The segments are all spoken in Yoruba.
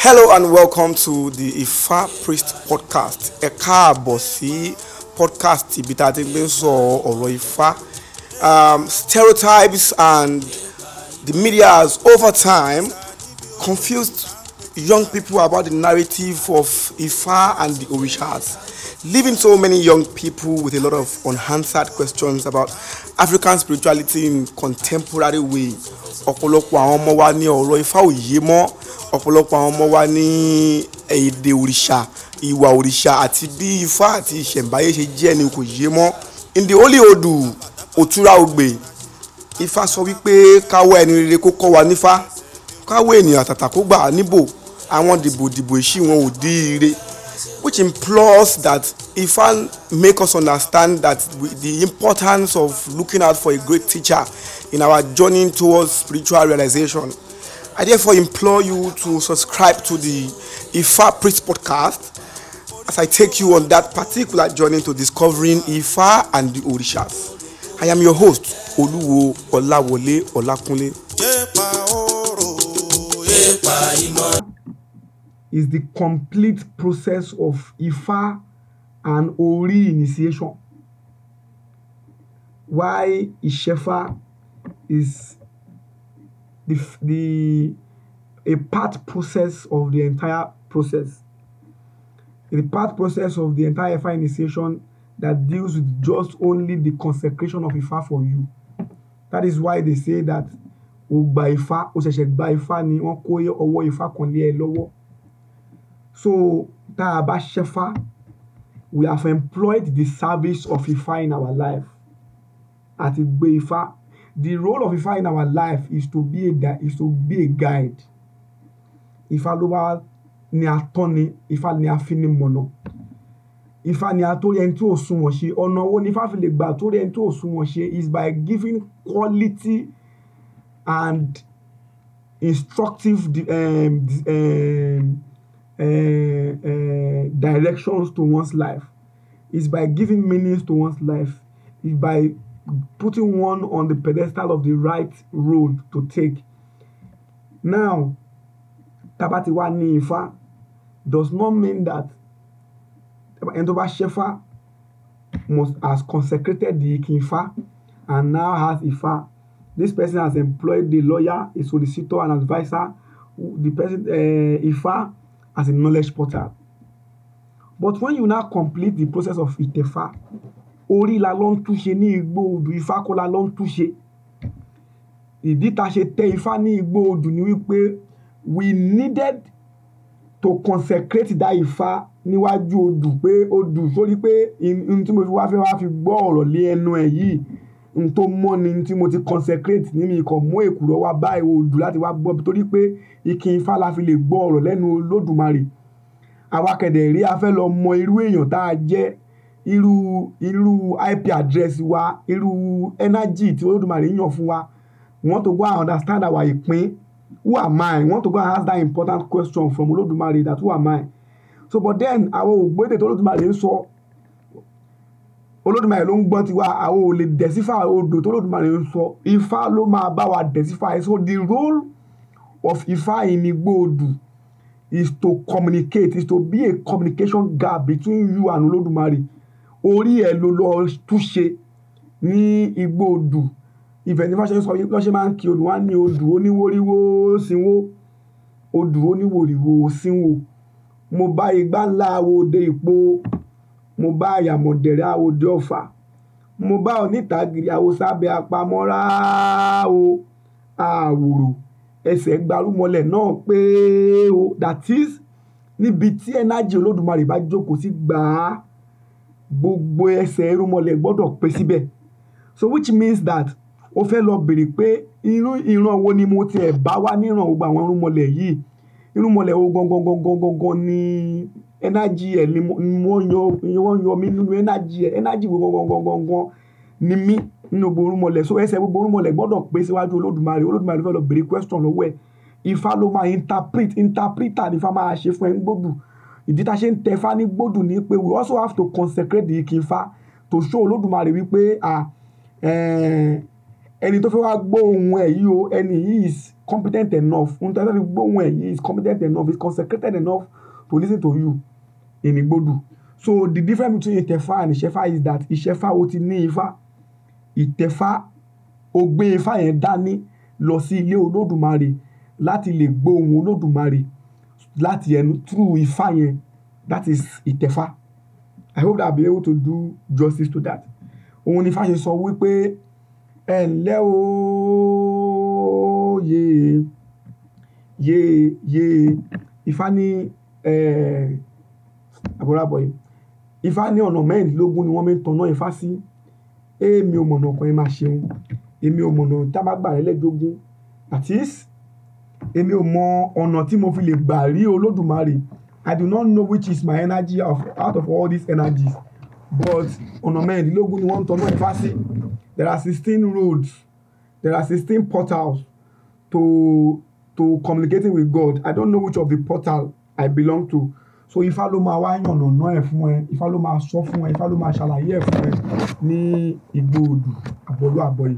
Hello and welcome to the Ifa Priest Podcast. A káàbọ̀ sí podcast ibi tá a ti Ifá. Um, stereotypes and the media has over time confused young people about the narrative of Ifa and the Orishas, leaving so many young people with a lot of unanswered questions about African spirituality in contemporary way. ní mọ́. ọ̀pọ̀lọpọ̀ àwọn ọmọ wa ní èdè òrìṣà ìwà òrìṣà àti bí ifá àti ìṣẹ̀ǹbáyé ṣe jẹ́ ni kò yé mọ́ in the odù òtúrá ogbè ifá sọ wípé káwọ́ ẹni rere kó kọ́ wa nífá káwọ́ ènìyàn àtàtà kó gbà níbò àwọn dìbò dìbò ìṣí wọn ò dí ire which implores that ifá make us understand that the importance of looking out for a great teacher in our journey towards spiritual realization. I therefore implore you to subscribe to the Ifa Priest podcast as I take you on that particular journey to discovering Ifa and the Orishas. I am your host, Oluwo Olawole Olakunle. Is the complete process of Ifa and Ori initiation. Why Ishefa is the, the a part process of the entire process. The part process of the entire Ifa initiation that deals with just only the consecration of Ifa for you. That is why they say that o Ifa o gba Ifa ni wọ́n kó ọwọ́ Ifa kan lé ẹ So tá a bá we have employed the service of Ifa in our life. Àti gbé Ifa The role of Ifá in our life is to be a is to be a guide. Ifa ló wá ni ifa Ifá ni afinimọ̀nà. ifa ni atórí ẹni tí ò sunwọ̀n ṣe. Ọ̀nà wo ni Ifá fi lè gbà tórí ẹni tí ò sunwọ̀n ṣe is by giving quality and instructive um, um, uh, uh, directions to one's life. Is by giving meaning to one's life. Is by putting one on the pedestal of the right road to take. Now, Tabatiwa ní Ifá does not mean that Endoba Shefa must has consecrated the Ikin and now has ifa. This person has employed the lawyer, a solicitor, an advisor, the person uh, eh, Ifá as a knowledge portal. But when you now complete the process of Itefa, orí la lọ ń túṣe ní igbó odù ifá kọ́ la lọ ń túṣe ìdí tá ṣe tẹ ifá ní igbó odù ni wípé we needed to consecrate that ifá níwájú odù pé odù sórí pé n tí mo fi wá fẹ́ wá fi gbọ́ ọ̀rọ̀ lé ẹnu ẹ̀ yìí n tó mọ́ ni tí mo ti consecrate ní mi kàn mú èkùrọ́ wá bá ìwọ odù láti wá gbọ́ torí pé ikin ifá la fi lè gbọ́ ọ̀rọ̀ lẹ́nu olódùmarè àwa kẹ̀dẹ̀ rí a lọ mọ irú èèyàn tá a jẹ́ irú, irú IP address wa, irú energy tí Olódùmarè yàn fún wa. We want to go understand our ìpín. Who am I? We want to go ask that important question from Olódùmarè that who am I? So but then àwọn ò gbọ́ èdè tí Olódùmarè ń sọ. Olódùmarè ló ń gbọ́ tiwa, àwọn ò lè decipher odò tí Olódùmarè ń sọ. Ifá ló máa bá wa decipher. So the role of Ifá in Igbo Odu is to communicate, is to be a communication gap between you and Olódùmarè orí ẹ̀ ló lọ túnṣe ní igbó odù ibẹ̀ ni fáṣẹ́ sọ yìí lọ́ṣẹ́ máa ń kí odù wá ní odù oníwóríwó sínwó odù oníwòríwó sínwó mo bá igbá ńlá awòde ìpó mo bá àyàmọ̀dẹ̀rẹ̀ awòde ọ̀fà mo bá onítàgìrì àwòsábẹ́ apamọ́ra o àwòrò ẹsẹ̀ gbarúmọlẹ̀ náà pé o that is níbi tí ẹnájì olódùmarè bá jókòó sí gbàá gbogbo ẹsẹ̀ irúnmọlẹ̀ gbọ́dọ̀ pé síbẹ̀ so which means that o fẹ́ lọ bèrè pé irú ìran wo ni mo tiẹ̀ bá wá níran gbogbo àwọn irúnmọlẹ̀ yìí irúnmọlẹ̀ wo gangan gangan gangan ni energy ẹ̀ ni wọ́n yọ wọ́n yọ mí nínú energy ẹ̀ energy wo gangan gangan gangan ni mí nínú gbogbo irúnmọlẹ̀ so ẹsẹ̀ gbogbo irúnmọlẹ̀ gbọ́dọ̀ pé síwájú olódùmarè olódùmarè fẹ́ lọ bèrè question lọ́wọ́ ẹ̀ ifá ló máa interpret interpreter ni ifá máa ṣe fún ẹ ń gbódù Ìdí tá a ṣe ń tẹfá ní gbódù ni pé we also have to consecrate the ikinfa to show Olódùmarè wípé à ẹni tó fẹ́ wá gbọ́ ohùn ẹ̀ yìí o ẹni yìí is competent enough ohun tó fẹ́ fi gbọ́ ohùn ẹ̀ yìí is competent enough is consecrated enough to listen to you ìní gbódù. So the difference between ìtẹfá and ìṣẹfá is that ìṣẹfá o ti ní ifá ìtẹfá o gbé ifá yẹn dání lọ sí ilé Olódùmarè láti lè gbọ́ ohùn Olódùmarè láti ẹnu through ifá yẹn that is ìtẹ̀fá i hope that i be able to do justice to that òun ni ifá ṣe sọ wípé ẹ ǹlẹ́ ooo yéé yéé yéé ifá ní àbúrò àbọ̀ yìí ifá ní ọ̀nà mẹ́rìndínlógún ni wọ́n mi ń tanná ifá sí èmi ò mọ̀nà ọkàn ẹ máa ṣeun èmi ò mọ̀nà tábàgbà rẹ lẹ́jọ́gún that is èmi ò mọ ọ̀nà tí mo fi lè gbà rí Olódùmarè I do not know which is my energy of, out of all these energies but ọ̀nà mẹ́rìndínlógún ni wọ́n ń tọ́nú Ifá sí there are sixteen roads there are sixteen portals to to communicating with God I don't know which of the portal I belong to so Ifá ló máa wá yànnà náà ẹ̀ fún ẹ Ifá ló máa sọ fún ẹ Ifá ló máa ṣàlàyé ẹ̀ fún ẹ ní Ìgbòodù àbọ̀lú àbọ̀yè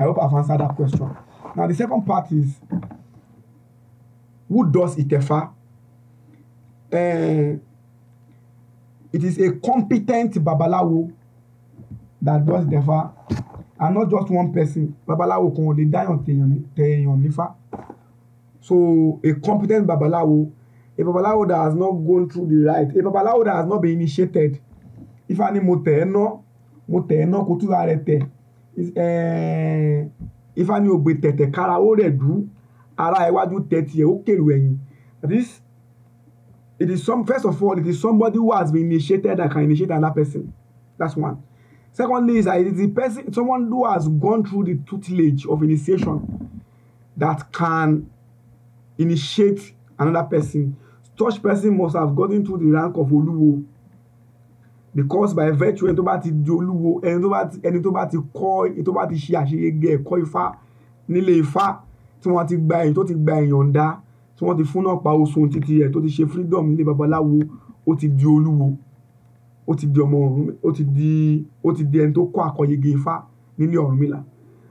I hope I have answered that question now the second part is who does Itefa. Uh, it is a competent babalawo that does Itefa and not just one person. Babalawo kan ò lè dáyàn tẹ̀yàn nífà. So a competent babalawo, a babalawo that has not gone through the rite, a babalawo that has not been initiated. Ifá ni mo tẹ̀ ẹ́ ná, mo tẹ̀ ẹ́ ná kó túra rẹ̀ tẹ̀. Eh, Ifá ni ògbè tẹ̀tẹ̀ kára ó rẹ̀ dùn ara iwájú tẹ tiẹ̀ ó kèrò ẹ̀yìn that is it is some first of all it is somebody who has been initiated that can initiate another person that's one secondly is that it is the person someone who has gone through the tutelage of initiation that can initiate another person such person must have gotten through the rank of olúwo because by virtue ẹni tó bá ti di olúwo ẹni tó bá ti ẹni tó bá ti kọ́ ẹni tó bá ti ṣe àṣeyege ẹ̀kọ́ ifá nílé ifá tí wọ́n ti gba èyí tó ti gba ìyọ̀ǹda tí wọ́n ti fún náà pa oṣù títí ẹ̀ tó ti ṣe freedom nílé babaláwo ó ti di olúwo ó ti di ọmọ ọ̀run ó ti di ó ti di ẹni tó kọ́ àkọyege ifá nílé Ọ̀rúnmìlà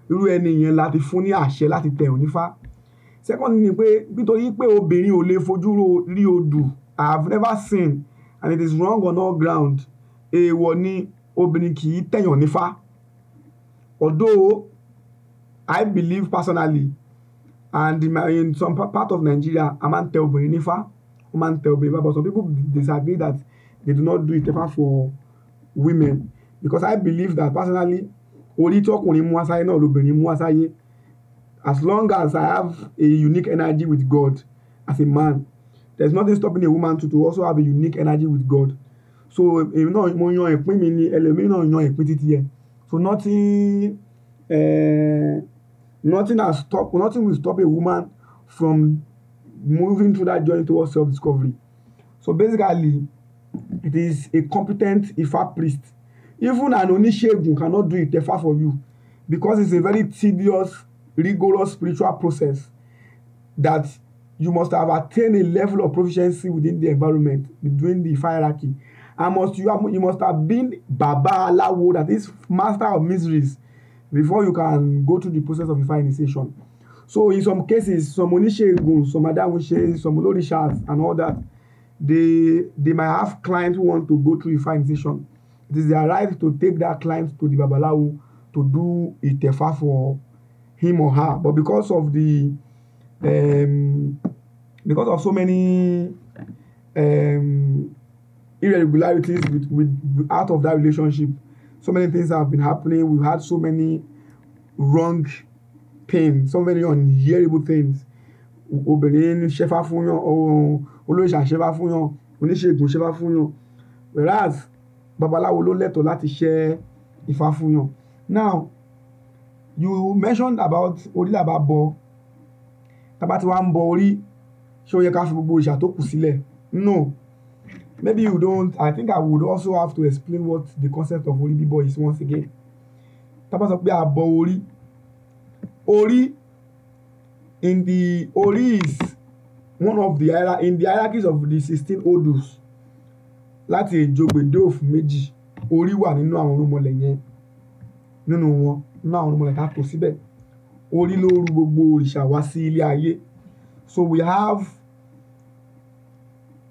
irú ẹni yẹn la ti fún ní àṣẹ láti tẹ̀ òun nífá second ni pé nítorí pé obìnrin ò lè fojú rí odù I have never seen and it is wrong on all ground èèwọ̀ ni obìnrin kì í tẹ̀yàn nífá although I believe personally and in, my, in some part of Nigeria a man ń tẹ obìnrin nífá ó máa ń obìnrin bá but some people disagree that they do not do it ìtẹ̀fá for women because I believe that personally orí tí ọkùnrin mú aṣáyé náà lóbìnrin mú aṣáyé as long as I have a unique energy with God as a man there is nothing stopping a woman to to also have a unique energy with God so èmi náà mo yan ìpín mi ni ẹlòmíràn yan ìpín títí ẹ so nothing. Uh, Nothing has stop nothing will stop a woman from moving through that journey towards self-discovery. So basically, it is a competent Ifa priest. Even an Onishegun cannot do it, Itefa for you because it's a very tedious, rigorous spiritual process that you must have attained a level of proficiency within the environment, within the hierarchy. And must you, have, you must have been Baba Alawo, that is master of miseries before you can go through the process of Ifá initiation. So in some cases, some oníṣègùn, some adáhunṣe, some olórìṣàs and all that, they they might have clients who want to go through Ifá initiation. It is their right to take that client to the Babalawo to do Itefa for him or her. But because of the um, because of so many um, irregularities with, with out of that relationship, so many things have been happening. We've had so many wrong things, so many unhearable things. Obìnrin ṣẹ́fá fún yàn, olóṣà ṣẹ́fá fún yàn, oníṣègùn ṣẹ́fá fún yàn. Whereas babaláwo ló lẹ́tọ̀ọ́ láti ṣẹ́ Ifá fún yàn. Now you mentioned about orí là bá bọ. Tá bá ti wá ń bọ orí, ṣé ó yẹ ká fi gbogbo òrìṣà sílẹ̀? No. Maybe you don't. I think I would also have to explain what the concept of orí Boy is once again. Tábà sọ pé àbọ̀ orí. Orí in the orí is one of the hierarchy in the hierarchies of the sixteen odus láti èjògbèdè òfin méjì orí wà nínú àwọn orúnmọlẹ̀ yẹn nínú wọn nínú àwọn orúnmọlẹ̀ ká kó síbẹ̀ orí ló ru gbogbo òrìṣà wá sí ilé ayé so we have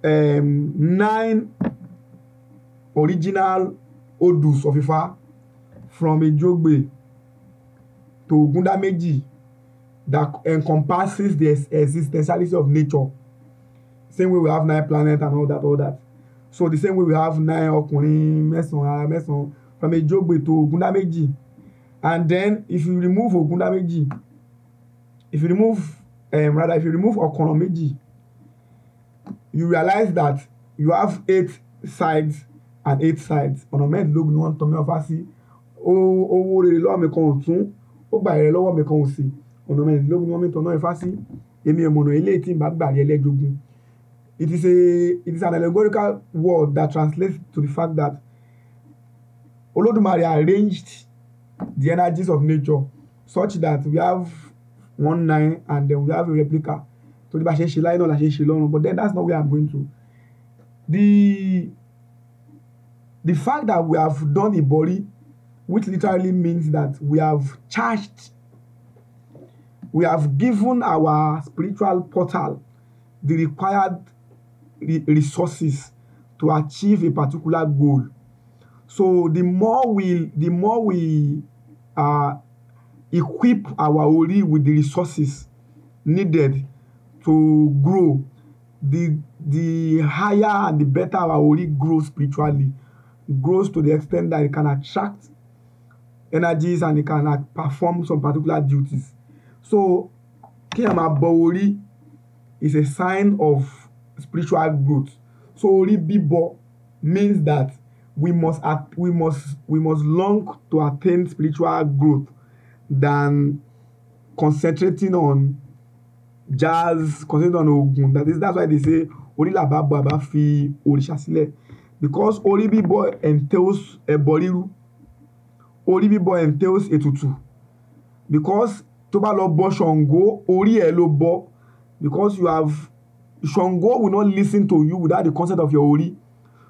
um, nine original odus of Ifa from Ejogbe to Ogundameji that encompasses the existentialism of nature. Same way we have nine planets and all that, all that. So the same way we have nine ọkùnrin mẹ́sàn-án ara mẹ́sàn-án from Ejogbe to Ogundameji. And then if you remove Ogundameji, if you remove um, rather if you remove Okoranmeji you realize that you have eight sides and eight sides ọ̀nà mẹ́ẹ̀ẹ́dógún ni wọ́n ń tan mẹ́wàá fásí owó rere lọ́wọ́ mi kan ọ̀tún ó gbà rẹ̀ lọ́wọ́ mi kan òsì ọ̀nà mẹ́ẹ̀ẹ́dógún ni wọ́n mi tan náà fásí èmi ọ̀mọ̀nà eléyìí tí n bá gbà rí ẹlẹ́ẹ̀dógún it is a it is an allegorical word that translates to the fact that Olódùmarè arranged the energies of nature such that we have one nine and then we have a replica torí bá ṣe ń ṣe láyé náà la ṣe ń ṣe lọ́run but then that's not where I'm going to the the fact that we have done ibori which literally means that we have charged we have given our spiritual portal the required re resources to achieve a particular goal so the more we the more we uh, equip our ori with the resources needed to grow. The, the higher and the better our Ori grows spiritually, grows to the extent that it can attract energies and it can perform some particular duties. So, kí èèyàn máa is a sign of spiritual growth. So orí bíbọ means that we must at, we must we must long to attain spiritual growth than concentrating on jazz concentrate on Ògún that is that's why they say onílàbá bọ àbá fi òrìṣà sílẹ̀ because orí bíbọ entails ẹbọ Ori orí bíbọ entails ètùtù because tó bá lọ bọ Ṣàngó orí ẹ ló bo because you have Ṣàngó will not listen to you without the consent of your Ori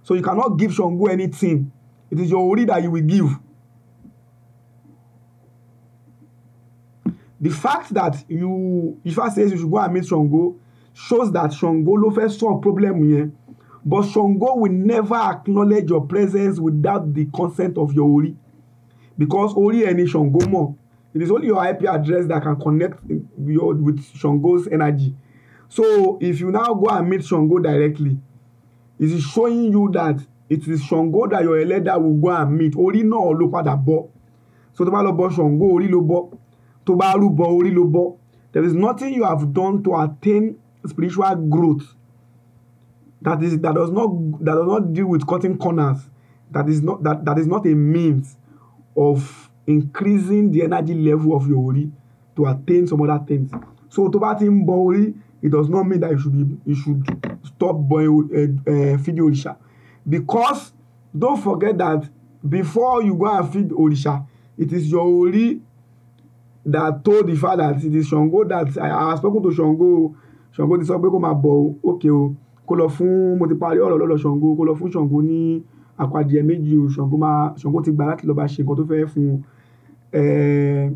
so you cannot give Ṣàngó anything it is your Ori that you will give. the fact that you Ifa says you should go and meet Shango shows that Shango ló fẹ́ solve problem yẹn but Shango will never acknowledge your presence without the consent of your Ori because Ori ẹni Shango mo. it is only your IP address that can connect your with Shango's energy so if you now go and meet Shango directly it is showing you that it is Shango that your eleda will go and meet Ori náà ló padà bo. so tó bá lọ Shango Ori lo bo tó bá rúbọ orí ló bọ́ there is nothing you have done to attain spiritual growth that is that does not that does not deal with cutting corners that is not that that is not a means of increasing the energy level of your ori to attain some other things so to bá ti ń bọ orí it does not mean that you should be you should stop bọyìn uh, uh, feeding òrìṣà because don't forget that before you go and feed òrìṣà it is your ori that told the father that it is Shango that I, I have spoken to Shango Shango ti sọ pé kó máa bọ̀ o okay o kó lọ fún mo ti parí ọ̀rọ̀ lọ́dọ̀ Shango kó lọ fún Shango ní àpàdé méjì o Shango máa Shango ti gbà láti lọ́ọ́ bá ṣe nǹkan tó fẹ́ fún un eh,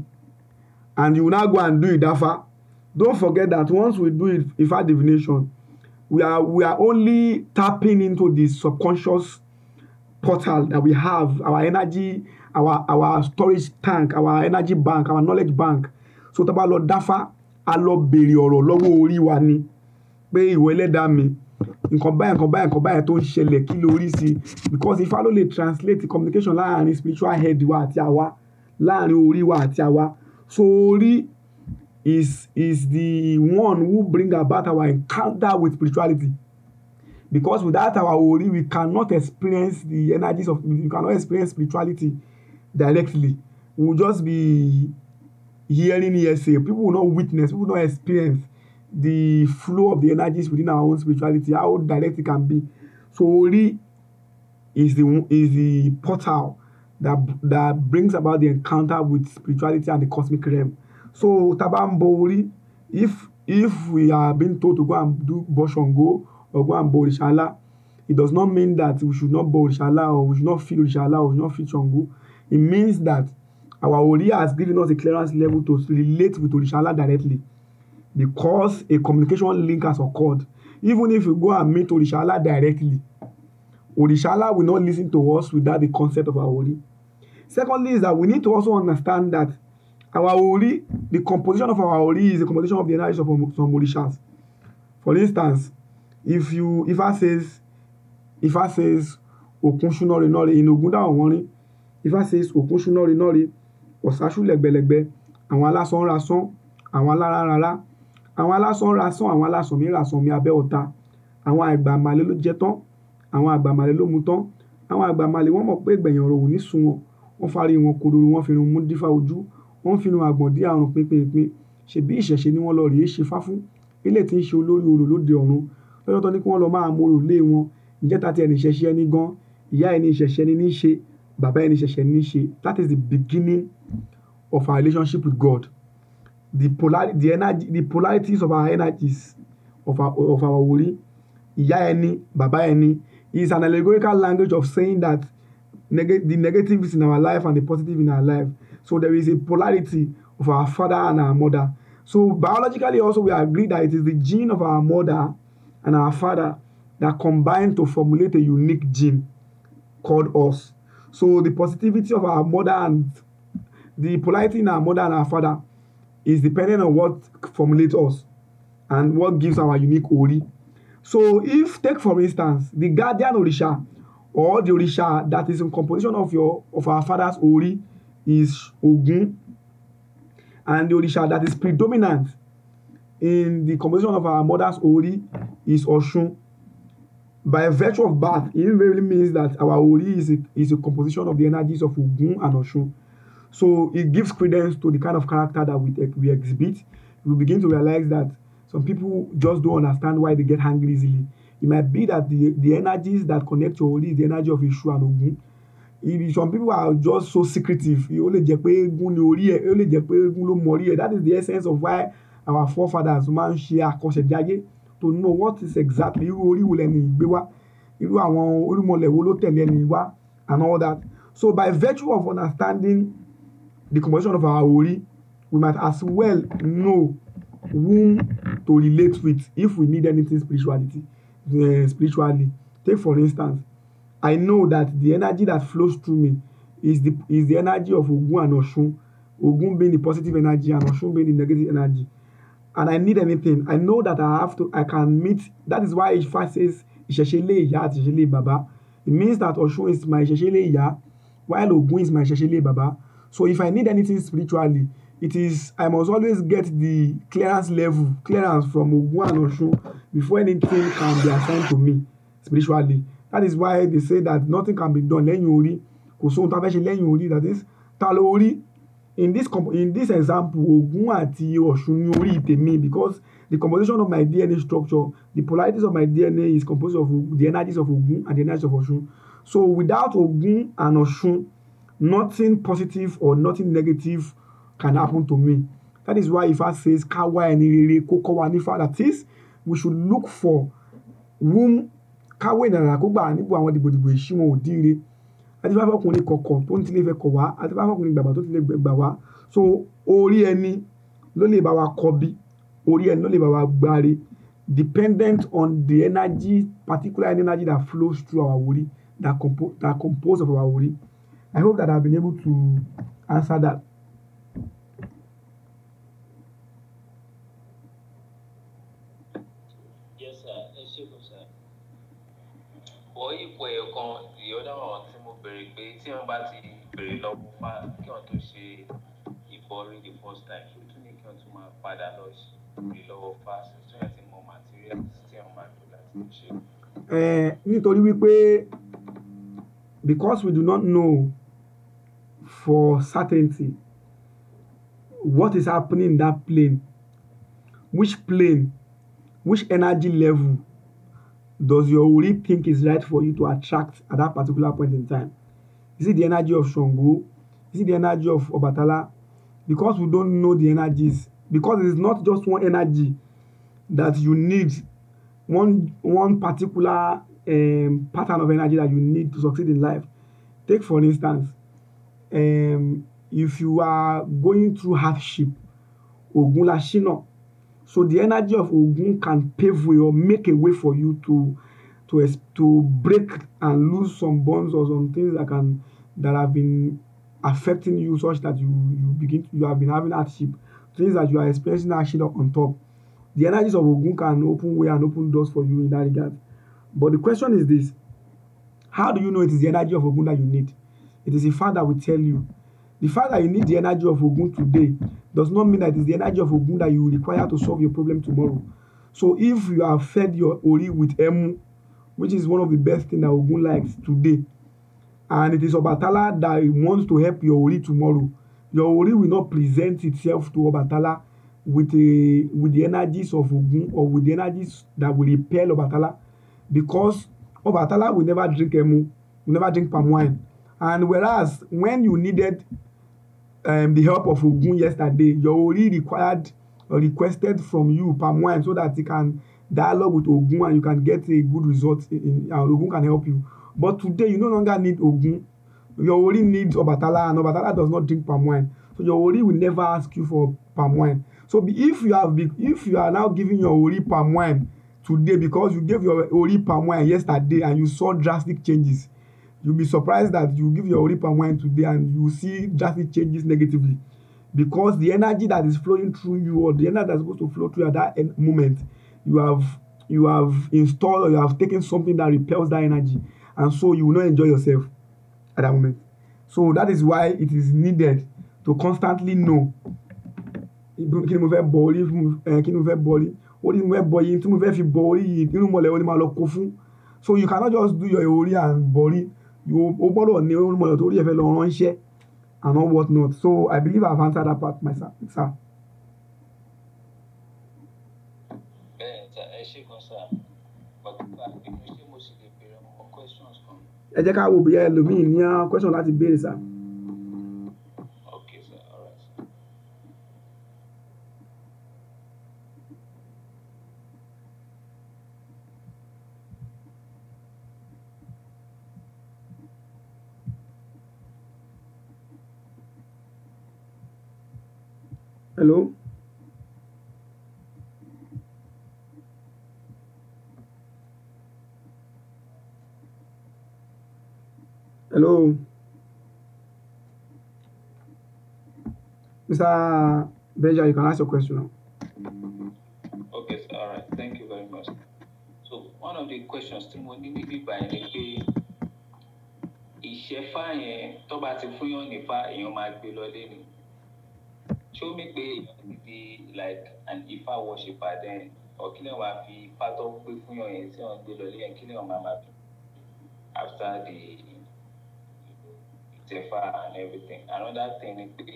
and you now go and do Idafa don't forget that once we do it Ifa divination we are we are only tapping into the subconscious portal that we have our energy our our storage tank our energy bank our knowledge bank so tá a bá lọ dáfá a lọ béèrè ọ̀rọ̀ lọ́wọ́ orí wa ni pé ìwọ ẹlẹ́dàá mi nǹkan báyìí nǹkan báyìí nǹkan báyìí tó ń ṣẹlẹ̀ kí lórí sí i because ifá ló lè translate communication láàrin spiritual head wa àti àwa láàrin orí wa àti àwa so orí is is the one who bring about our encounter with spirituality because without our ori we cannot experience the energies of we cannot experience spirituality directly. We will just be hearing hearsay. People will not witness, people will not experience the flow of the energies within our own spirituality, how direct it can be. So Holy is the is the portal that that brings about the encounter with spirituality and the cosmic realm. So Tabambori, if if we are being told to go and do Boshongo or go and Borishala, it does not mean that we should not Borishala or we should not feel Rishala or we should not feel shongo. It means that our Ori has given us a clearance level to relate with Orishala directly because a communication link has occurred. Even if you go and meet Orishala directly, Orishala will not listen to us without the concept of our Ori. Secondly, is that we need to also understand that our Ori, the composition of our Ori is the composition of the energies of some Orishas. For instance, if you if I says if I says Okunsunore Nore in Ogunda Oworin Ifá says òkun ṣú náre náre ọ̀sà ṣú lẹ̀gbẹ̀lẹ̀gbẹ̀ àwọn alásán ń rasán àwọn alára ń rará àwọn alásán ń rasán àwọn alásán mi ń rasán mi abẹ́ ọ̀tá àwọn àgbàmàlè ló jẹ tán àwọn àgbàmàlè ló mu tán àwọn àgbàmàlè wọ́n mọ̀ pé ìgbẹ̀yìn ọ̀rọ̀ ò ní sun wọn wọ́n fari wọn kororo wọ́n fi irun mú dífá ojú wọ́n fi irun àgbọ̀n dí àrùn pínpínpín ṣèbí ìṣẹ̀ṣe ni wọ́n lọ rèé ṣe fá fún ilé tí ń ṣe olórí orò lóde ọ̀run lọ́jọ́ tó ní kí wọ́n lọ máa moro lé wọn ìjẹ́ta ti ẹni ìṣẹ̀ṣe ẹni gan ìyá ẹni ìṣẹ̀ṣe ẹni ní ṣe Baba ẹni ṣẹ̀ṣẹ̀ ní ṣe that is the beginning of our relationship with God the polarity the energy the polarities of our energies of our of our wori ìyá ẹni bàbá ẹni is an allegorical language of saying that neg the negative is in our life and the positive in our life so there is a polarity of our father and our mother so biologically also we agree that it is the gene of our mother and our father that combine to formulate a unique gene called us So the positivity of our mother and the polity in our mother and our father is depending on what formulates us and what gives our unique ori. So if take for instance the guardian orisha or the orisha that is in composition of your of our father's ori is Ogun and the orisha that is predominant in the composition of our mother's ori is Osun By virtue of birth, it really means that our Ori is a, is a composition of the energies of Ogun and Oshun. So it gives credence to the kind of character that we, we exhibit. We begin to realize that some people just don't understand why they get angry easily. It might be that the, the energies that connect to Ori is the energy of Eshu and Ogun. If some people are just so secretive. Ó only jẹ́ pé Eégún ni orí ẹ̀, ó lè jẹ́ pé Eégún ló mọ That is the essence of why our forefathers man ń ṣe àkọsẹ̀jáyé to know what is exactly irú orí wo lẹ́ni gbé wá irú àwọn orúmọlẹ̀ wo ló tẹ̀lé ẹni wá and all that so by virtue of understanding the composition of our ori we might as well know whom to relate with if we need anything spirituality uh, spiritually take for instance I know that the energy that flows through me is the is the energy of Ogun and Osun Ogun being the positive energy and Osun being the negative energy and I need anything, I know that I have to, I can meet. That is why Ifa says, Ìṣẹ̀ṣẹ̀lé ìyá àti baba." It means that Oshun is my Ìṣẹ̀ṣẹ̀lé ìyá, while Ogun is my Ìṣẹ̀ṣẹ̀lé baba. So if I need anything spiritually, it is, I must always get the clearance level, clearance from Ogun and Oshun before anything can be assigned to me spiritually. That is why they say that nothing can be done lẹ́yìn orí. Kò sóhun tá a ṣe lẹ́yìn orí. That is, ta ló orí? in this in this example Ògún àti Ọ̀ṣun ni orí tèmi because the composition of my DNA structure the polarities of my DNA is composed of the energies of Ogun and the energies of Ọ̀ṣun so without Ogun and Ọ̀ṣun nothing positive or nothing negative can happen to me that is why Ifá says ká wá ẹni rere kó kọ́ wa nífá that is we should look for whom káwé ìnàrà kó gbà níbo àwọn dìgbòdìgbò ìṣí wọn ò díire àti bá fọkùnrin kọ̀kọ̀ tó ń tilé fẹ́ kọ̀ wá àti bá fọkùnrin gbàgbà tó ti lè gbà wá so orí ẹni ló lè bá wa kọ bí orí ẹni ló lè bá wa gbáre dependent on the energy particular energy that flows through our wori that compose that compose of our wori I hope that I have been able to answer that. tí wọ́n bá ti bèrè lọ́wọ́ wa kí wọ́n tó ṣe ìbọrí the first time ó tún ní kí wọ́n tún máa padà lọ bèrè lọ́wọ́ fa tó yẹn ti mọ materials tí wọ́n máa lò láti ṣe. nítorí wípé because we do not know for certainty what is happening in that plane which plane which energy level does your ori think is right for you to attract at that particular point in time Is it the energy of Shango? Is it the energy of Obatala? Because we don't know the energies. Because it is not just one energy that you need, one one particular um, pattern of energy that you need to succeed in life. Take for instance, um, if you are going through hardship, Ogun Lashina. So the energy of Ogun can pave way or make a way for you to to to break and lose some bonds or some things that can that have been affecting you such that you you begin to, you have been having hardship things that you are experiencing hardship on top the energies of Ogun can open way and open doors for you in that regard but the question is this how do you know it is the energy of Ogun that you need it is the fact that we tell you the fact that you need the energy of Ogun today does not mean that it is the energy of Ogun that you require to solve your problem tomorrow so if you have fed your ori with emu which is one of the best thing that Ogun likes today And it is Obatala that wants to help your Ori tomorrow. Your Ori will not present itself to Obatala with, a, with the energies of Ogun or with the energies that will repel Obatala because Obatala will never drink emu, will never drink palm wine. And whereas when you needed um, the help of Ogun yesterday, your Ori required or requested from you palm wine so that he can dialogue with Ogun and you can get a good result. In, in, uh, Ogun can help you. But today, you no longer need Ogun. Your Ori needs Obatala, and Obatala does not drink palm wine. So your Ori will never ask you for palm wine. So if you have, if you are now giving your Ori palm wine today because you gave your Ori palm wine yesterday and you saw drastic changes, you'll be surprised that you give your Ori palm wine today and you see drastic changes negatively because the energy that is flowing through you or the energy that's supposed to flow through at that moment, you have you have installed or you have taken something that repels that energy and so you will not enjoy yourself at that moment. So that is why it is needed to constantly know kí ni mo fẹ́ bọ eh, kí ni mo fẹ́ bọ orí orí mo fẹ́ bọ tí mo fẹ́ fi bọ yìí nínú mọ̀lẹ́ orí máa lọ kó fún so you cannot just do your orí and bọ̀rí o gbọ́dọ̀ ní orí mọ̀lẹ́ torí ẹ fẹ́ lọ ránṣẹ́ and all what not so I believe I have answered that part my sir. bẹ́ẹ̀ ẹ ṣe kan sáà pẹ̀lú bá ẹ jẹ́ ká wo bóyá ẹlòmíì ní question láti béèrè sá. Hello. Hello. Mr. Benja, you can ask your question now. Okay, sir. All right. Thank you very much. So, one of the questions tí mo ní níbí báyìí is pé ìṣẹ́fà yẹn tó bá ti fún yàn nípa èèyàn máa gbé lọlé ni. Ṣé ó mi pé èèyàn ti di like an Ifá worshipper then? Or kí lèèyàn máa part of tó gbé fún yàn yẹn tí wọ́n gbé lọlé after the tẹ̀fà and everything another thing ni pé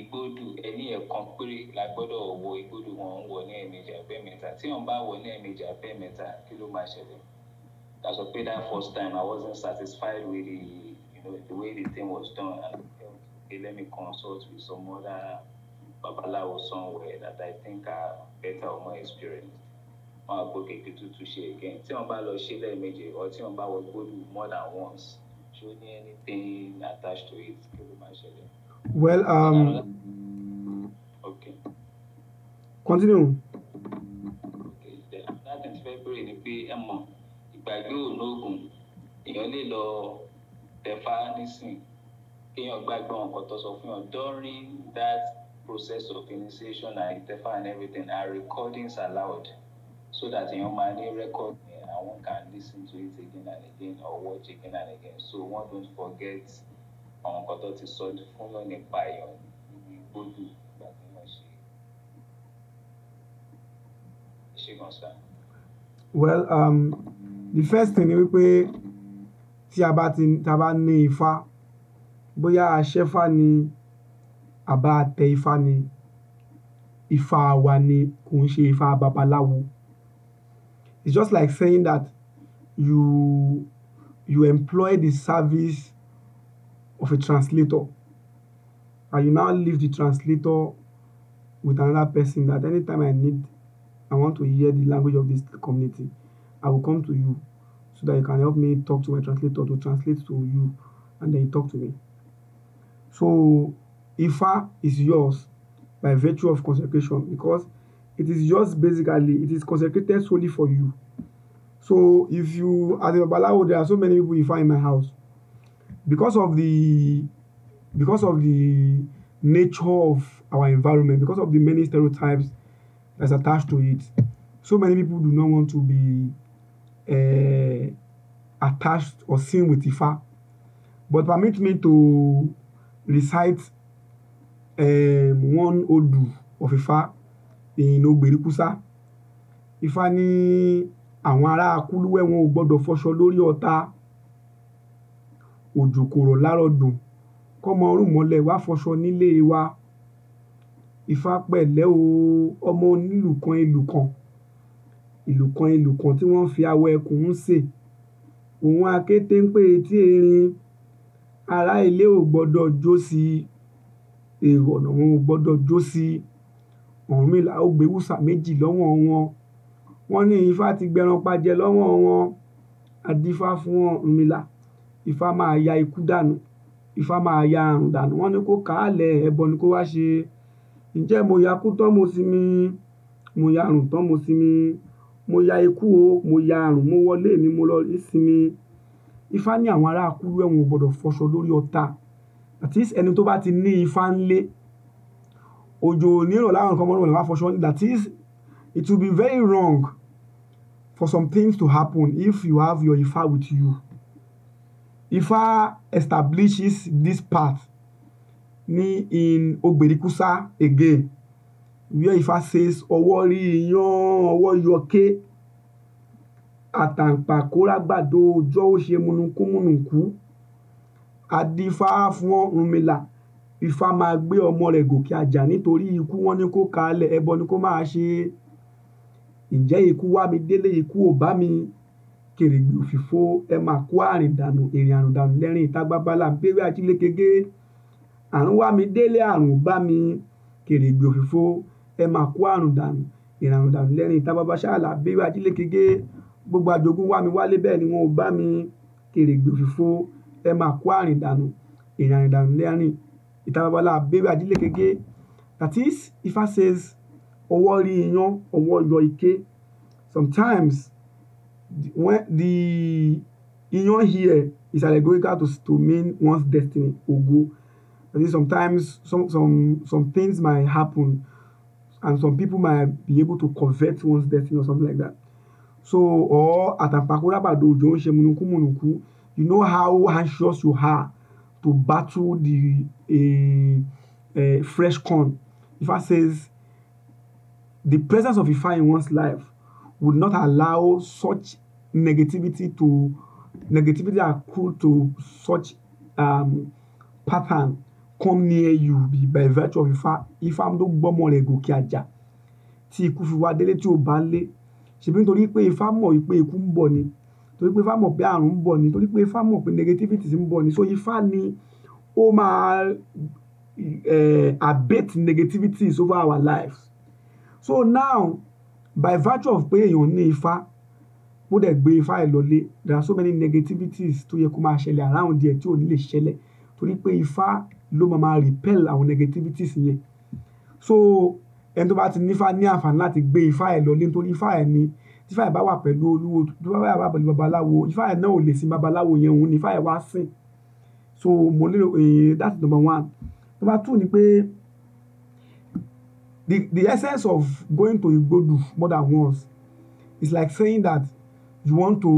igbódù ẹni ẹ̀kan péré la gbọ́dọ̀ wọ igbódù wọn ń wọ ní ẹ̀ẹ̀mejì abẹ́mẹ́ta tí wọn bá wọ ní ẹ̀ẹ̀mejì abẹ́mẹ́ta kí ló máa ṣẹlẹ̀ that's why that first time I wasn't satisfied with the you know the way the thing was done and um, okay let me consult with some other babalawo somewhere that I think are better or more experienced wọn àgbo kékeré tuntun ṣe again tí wọn bá lọ ṣe lẹ́ẹ̀mejì or tí wọn bá wọ igbódù more than once. ṣé anything attached to it kí ló well um, okay. continue. okay then láti ti fẹ́ bèrè ni pé ẹ mọ̀ ìgbàgbé òun lóògùn èèyàn lè lọ tẹ̀fá nísìn kéèyàn gbàgbé nǹkan tó sọ fún during that process of initiation and tẹ̀fá everything are recordings allowed so that èèyàn máa ní and one can listen to it again and again or watch again and again so one don't forget àwọn nǹkan tó ti sọ fún yàn nípa èèyàn níbi gbódù nígbà tí wọ́n ṣe ṣe gan sa. well um, the first thing we wípé tí a bá ti tá a bá ní ifá bóyá aṣẹ́fá ni àbá àtẹ ifá ni ifá wa ni kò ń ṣe ifá babaláwo It's just like saying that you you employ the service of a translator and you now leave the translator with another person that anytime I need, I want to hear the language of this community, I will come to you so that you can help me talk to my translator to translate to you and then you talk to me. So, IFA is yours by virtue of consecration because it is just basically it is consecrated solely for you so if you as a babalawo there are so many people you find in my house because of the because of the nature of our environment because of the many stereotypes that's attached to it so many people do not want to be uh, attached or seen with Ifa but permit me to recite um, one Odu of Ifa ìyìn ló gbèrékúsá ifá ní àwọn ará akúlúwẹ́ wọn ò gbọ́dọ̀ fọṣọ lórí ọ̀tá òjò kò rọ̀ lárọ̀ dùn kọ́mọ rúmọlẹ̀ wá fọṣọ nílé wa ifá pẹ̀lẹ́ o ọmọ onílùkan ìlùkan ìlùkan ìlùkan tí wọ́n fi awọ ẹkùn ń sè òun akété ń pè etí erin ará ilé ò gbọ́dọ̀ jó sí èrò ọ̀nà wọn ò gbọ́dọ̀ jó sí Ọ̀rúnmìlà ó gbé wúsà méjì lọ́wọ́ wọn wọ́n ní Ifá ti gbẹranpa jẹ lọ́wọ́ wọn adífá fún Ọ̀rúnmìlà Ifá máa ya ikú dànù Ifá máa ya àrùn dànù wọ́n ní kó káàlẹ̀ ẹbọ ni kó wá ṣe ǹjẹ́ mo ya kú tán mo sinmi mo ya àrùn tán mo sinmi mo ya ikú o mo ya àrùn mo wọlé mi mo lọ rí sinmi Ifá ní àwọn ará Akúrú ẹ̀wọ̀n ò gbọ́dọ̀ fọṣọ lórí ọta that ẹni tó bá ti ní Ifá ńlé òjò ò ní rò láwọn nǹkan mọ́rùn-ún fọṣọ that is it will be very wrong for some things to happen if you have your Ifa with you Ifa establishes this path ní in Ogberikusa again where Ifa says ọwọ́ rí iyán ọwọ́ yọké àtàǹpàkóràgbàdo ọjọ́ ó ṣe múnukúmúnukú adífá fún ọ̀rúnmìlà Ifá máa gbé ọmọ rẹ̀ gòkè àjà nítorí ikú wọn ní kó kalẹ̀ ẹbọ ni kó máa ṣe ǹjẹ́ ikú wá mi délé ikú ò bá mi kèrègbè òfìfo ẹ máa kó àrìn dànù èrìn àrùn dànù lẹ́rìn ìta gbábálà ń bèrè ajílékegé àrùn wá mi délé àrùn bá mi kèrègbè òfìfo ẹ máa kó àrùn dànù èrìn àrùn dànù lẹ́rìn ìta bàbá ṣáàlà ń bèrè ajílékegé gbogbo àjogún wá mi wálé bẹ́ẹ̀ ni wọn ò bá mi kèrègbè òfìfo ẹ máa kó àrìn dànù èrìn àrùn dànù lẹ́rìn Ìtababálá abẹ́rẹ́ ajílẹ̀ gẹ́gẹ́. That is, Ifá says, ọwọ́ rí iyán, ọwọ́ yọ ike. Sometimes, when the iyán here is allegorical to, to mean one's destiny, Ogo. That is, sometimes some, some, some things might happen and some people might be able to convert one's destiny or something like that. So, or Àtàǹpàkò ràbàdo òjò ń ṣe mùnùkúmùnùkú. You know how anxious you are to battle the a, a fresh corn. Ifa says the presence of Ifa in one's life would not allow such negativity to negativity accrue to such um, pattern come near you by virtue of Ifa Ifa ló gbọ́mọ rẹ̀ gòkè àjà tí ikú fi wá délé tí ò bá lé ṣèbí nítorí pé Ifá mọ̀ wípé ikú ń bọ̀ ni torí pé Ifá mọ̀ pé àrùn ń bọ̀ ni torí pé Ifá mọ̀ pé negativities ń bọ̀ ni so Ifá ni ó máa eh, abate negativities over our lives so now by virtue of pé èèyàn ní Ifá ó dẹ̀ gbé Ifá ẹ̀ lọlé there are so many negativities tó yẹ kó máa ṣẹlẹ̀ around there tí ò ní lè ṣẹlẹ̀ torí pé Ifá ló máa máa repel àwọn negativities yẹn so ẹni tó bá ti ní Ifá ní àǹfààní láti gbé Ifá ẹ̀ lọlé nítorí Ifá ẹ̀ ni Ifá bá wà pẹ̀lú olúwo, tí bá pẹ̀lú babaláwo, Ifá náà ò lè sin babaláwo yẹn, òun ni Ifá wá sìn. So mo lérò, eh, that's number one. Number two ni pé the, the essence of going to Igbodu more than once is like saying that you want to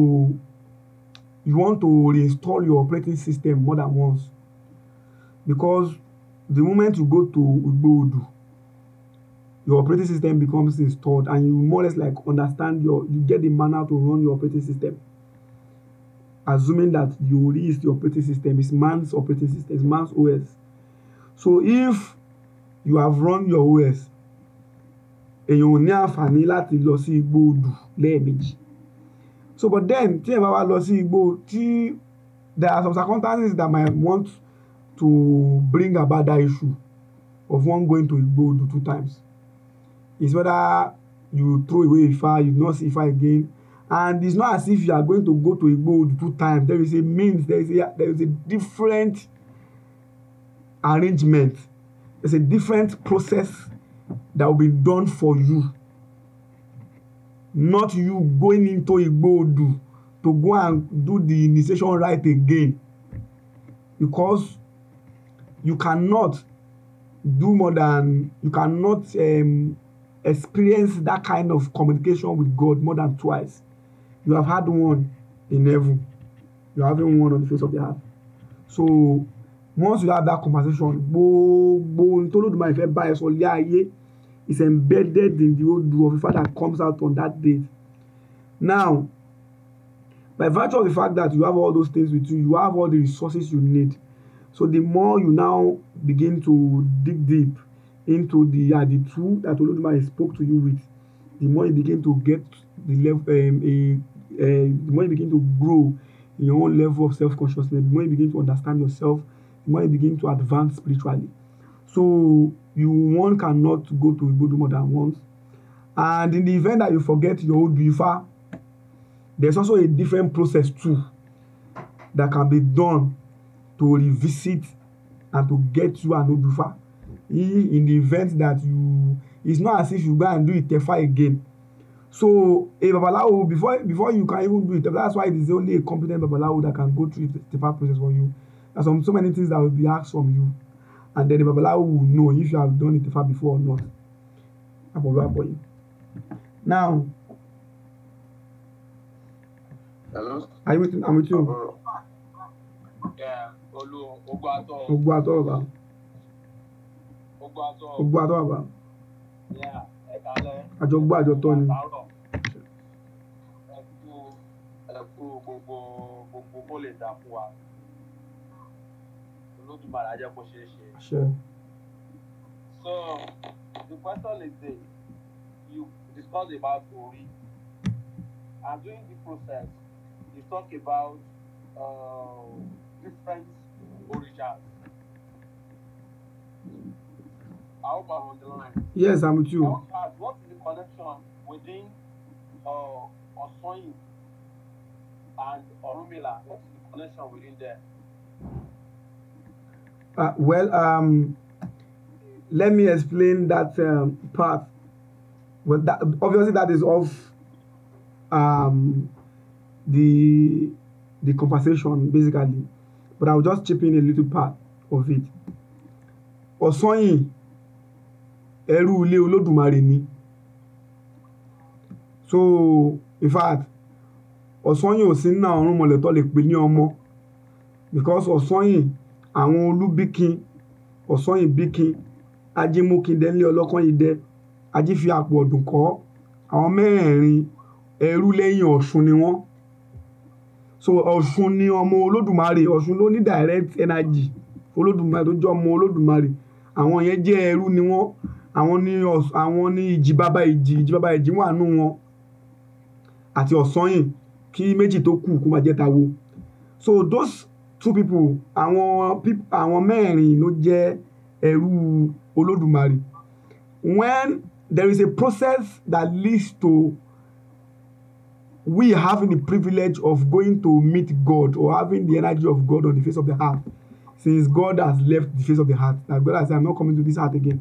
you want to reinstall your operating system more than once because the moment you go to Igbodu your operating system becomes installed and you more or less like understand your you get the manner to run your operating system assuming that you release the operating system is man's operating system is man's os so if you have run your os èèyàn ò ní àǹfààní láti lọ sí igbó odù lẹ́ẹ̀mejì so but then tí ẹ bá wá lọ sí igbó tí there are some circumstances that might want to bring about that issue of one going to igbó odù two times It's whether you throw away Ifa, you not see Ifa again. And it's not as if you are going to go to Igbohood two times. There is a means, there is a, there is a different arrangement, There is a different process that will be done for you. Not you going into Igbohood to go and do the initiation rite again. Because you cannot do more than you cannot um, experienced that kind of communication with God more than twice. You have had one in heaven, you're having one on the face of the earth. So once you have that conversation, gbogbo ntolódùmarè fẹ́ embedded in the old of Ifá that comes out on that day. Now, by virtue of the fact that you have all those things with you, you have all the resources you need. So the more you now begin to dig deep into the are uh, the tool that Olodumare spoke to you with, the more you begin to get the level, um, a, a, uh, the more you begin to grow in your own level of self consciousness, the more you begin to understand yourself, the more you begin to advance spiritually. So you one cannot go to Igbodu more than once. And in the event that you forget your old Ifa, there's also a different process too that can be done to revisit and to get you an Odufa in the event that you it's not as if you go and do itefa e again so a babalawo before before you can even do itefa e that's why it is only a competent babalawo that can go through itefa e process for you there are some so many things that will be asked from you and then the babalawo will know if you have done itefa before or not abobaboyi now Hello? are you with me i'm with you. Yeah, Olu, Ogbo Atoro. Ogbo Atoro gbogbo àtọ́ bàbá àjọ gbọ́ àjọ tọ́ ni. So the question is this you discuss about ori and during the process you talk about uh, different orishas. Alba on the line. Yes, I'm with you. I want what is the connection within uh, Osoyi and Orumila? What is the connection within them? Uh, well, um, let me explain that um, part. Well, that, obviously that is off um, the the conversation basically, but I'll just chip in a little part of it. Osoyin ẹrú ilé Olódùmarè ni so in fact Ọ̀sanyìn ò sí nínú àwọn irúnmọlẹ̀ tó lè pè ní ọmọ because Ọ̀sanyìn àwọn Olúbíkin Ọ̀sanyìn Bíkin Ajímúkindé ńlẹ̀ Ọlọ́kànyìndé Ajífìàpò Ọ̀dùnkọ́ àwọn mẹ́rẹ̀ẹ̀rin ẹrú lẹ́yìn Ọ̀ṣun ni wọ́n so Ọ̀ṣun ni ọmọ Olódùmarè Ọ̀ṣun ló ní direct energy Olódùmarè tó jẹ́ ọmọ Olódùmarè àwọn yẹn jẹ́ ẹrú ni wọ́n àwọn ní àwọn ní ìjì bàbá ìjì ìjì bàbá ìjì wà nù wọn àti ọ̀sanyìn kí méjì tó kù kó máa jẹ́ tàwo so those two people àwọn people àwọn mẹ́rin ló jẹ́ ẹrú olódùmarè when there is a process that leads to we having the privilege of going to meet God or having the energy of God on the face of the heart, since God has left the face of the heart. that God has said I'm not coming to this heart again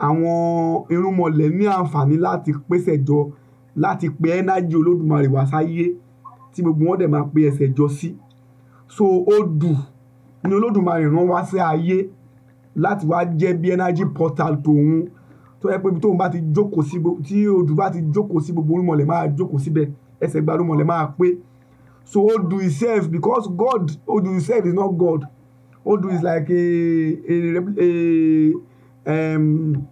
àwọn irúnmọlẹ̀ ní àǹfààní láti pèsè jọ láti pe ẹ́nájì olódùmarè wá sáyé tí gbogbo wọn dẹ̀ máa pe ẹsẹ̀ jọ sí. So odù ni olódùmarè rán wá sí ayé láti wá jẹ́ bí energy portal tòun tó jẹ́ pé ibi tóun bá ti jókòó sí tí odù bá ti jókòó sí gbogbo irúnmọlẹ̀ máa jókòó síbẹ̀ ẹsẹ̀ gba irúnmọlẹ̀ máa pé. So odù itself because God odù itself is not God odù is like a a a um,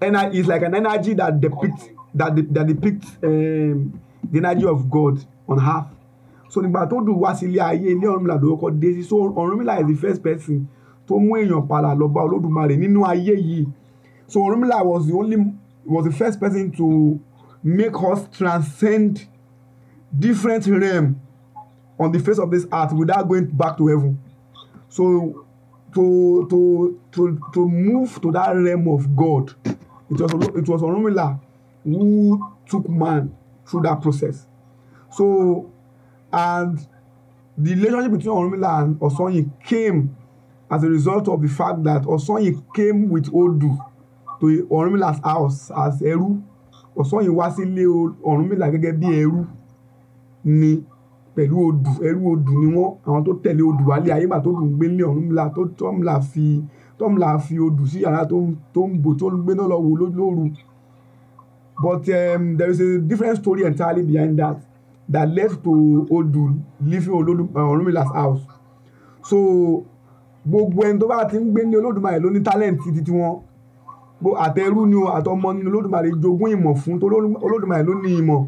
energy is like an energy that depicts that, de, that depicts um, the energy of God on earth. So nígbà tó dùn wá sí ilé ayé ilé Ọ̀rúnmìlà ló kọ́ dé so Ọ̀rúnmìlà is the first person tó mú èèyàn padà lọ bá Olódùmarè nínú ayé yìí. So Ọ̀rúnmìlà was the only was the first person to make us transcend different realm on the face of this earth without going back to heaven. So to to to to move to that realm of God. It was it was Orunmila who took man through that process. So and the relationship between Orunmila and Osonyi came as a result of the fact that Osonyi came with Odu to Orunmila's house as ẹrú. Osonyi wá sílé Orunmila gẹ́gẹ́ bí ẹrú ni pẹ̀lú odù ẹrú odù ni wọ́n àwọn tó tẹ̀lé odù wálé ayé gbà tó dùn gbé lé ọ̀run ńlá tó tọ́mùlà fi tọ́mùlà fi odù sí yàrá tó ń bò tó ń gbé náà lọ wò lóru but um, there is a different story entirely behind that that led to odù leaving olódù uh, ọ̀rúnmìlà's house so gbogbo ẹni tó bá ti ń gbé ní olódùmarè ló ní talent títí wọn àtẹrú ni o àtọmọ ni olódùmarè jogún ìmọ̀ fún tó olódùmarè ló ní ìmọ̀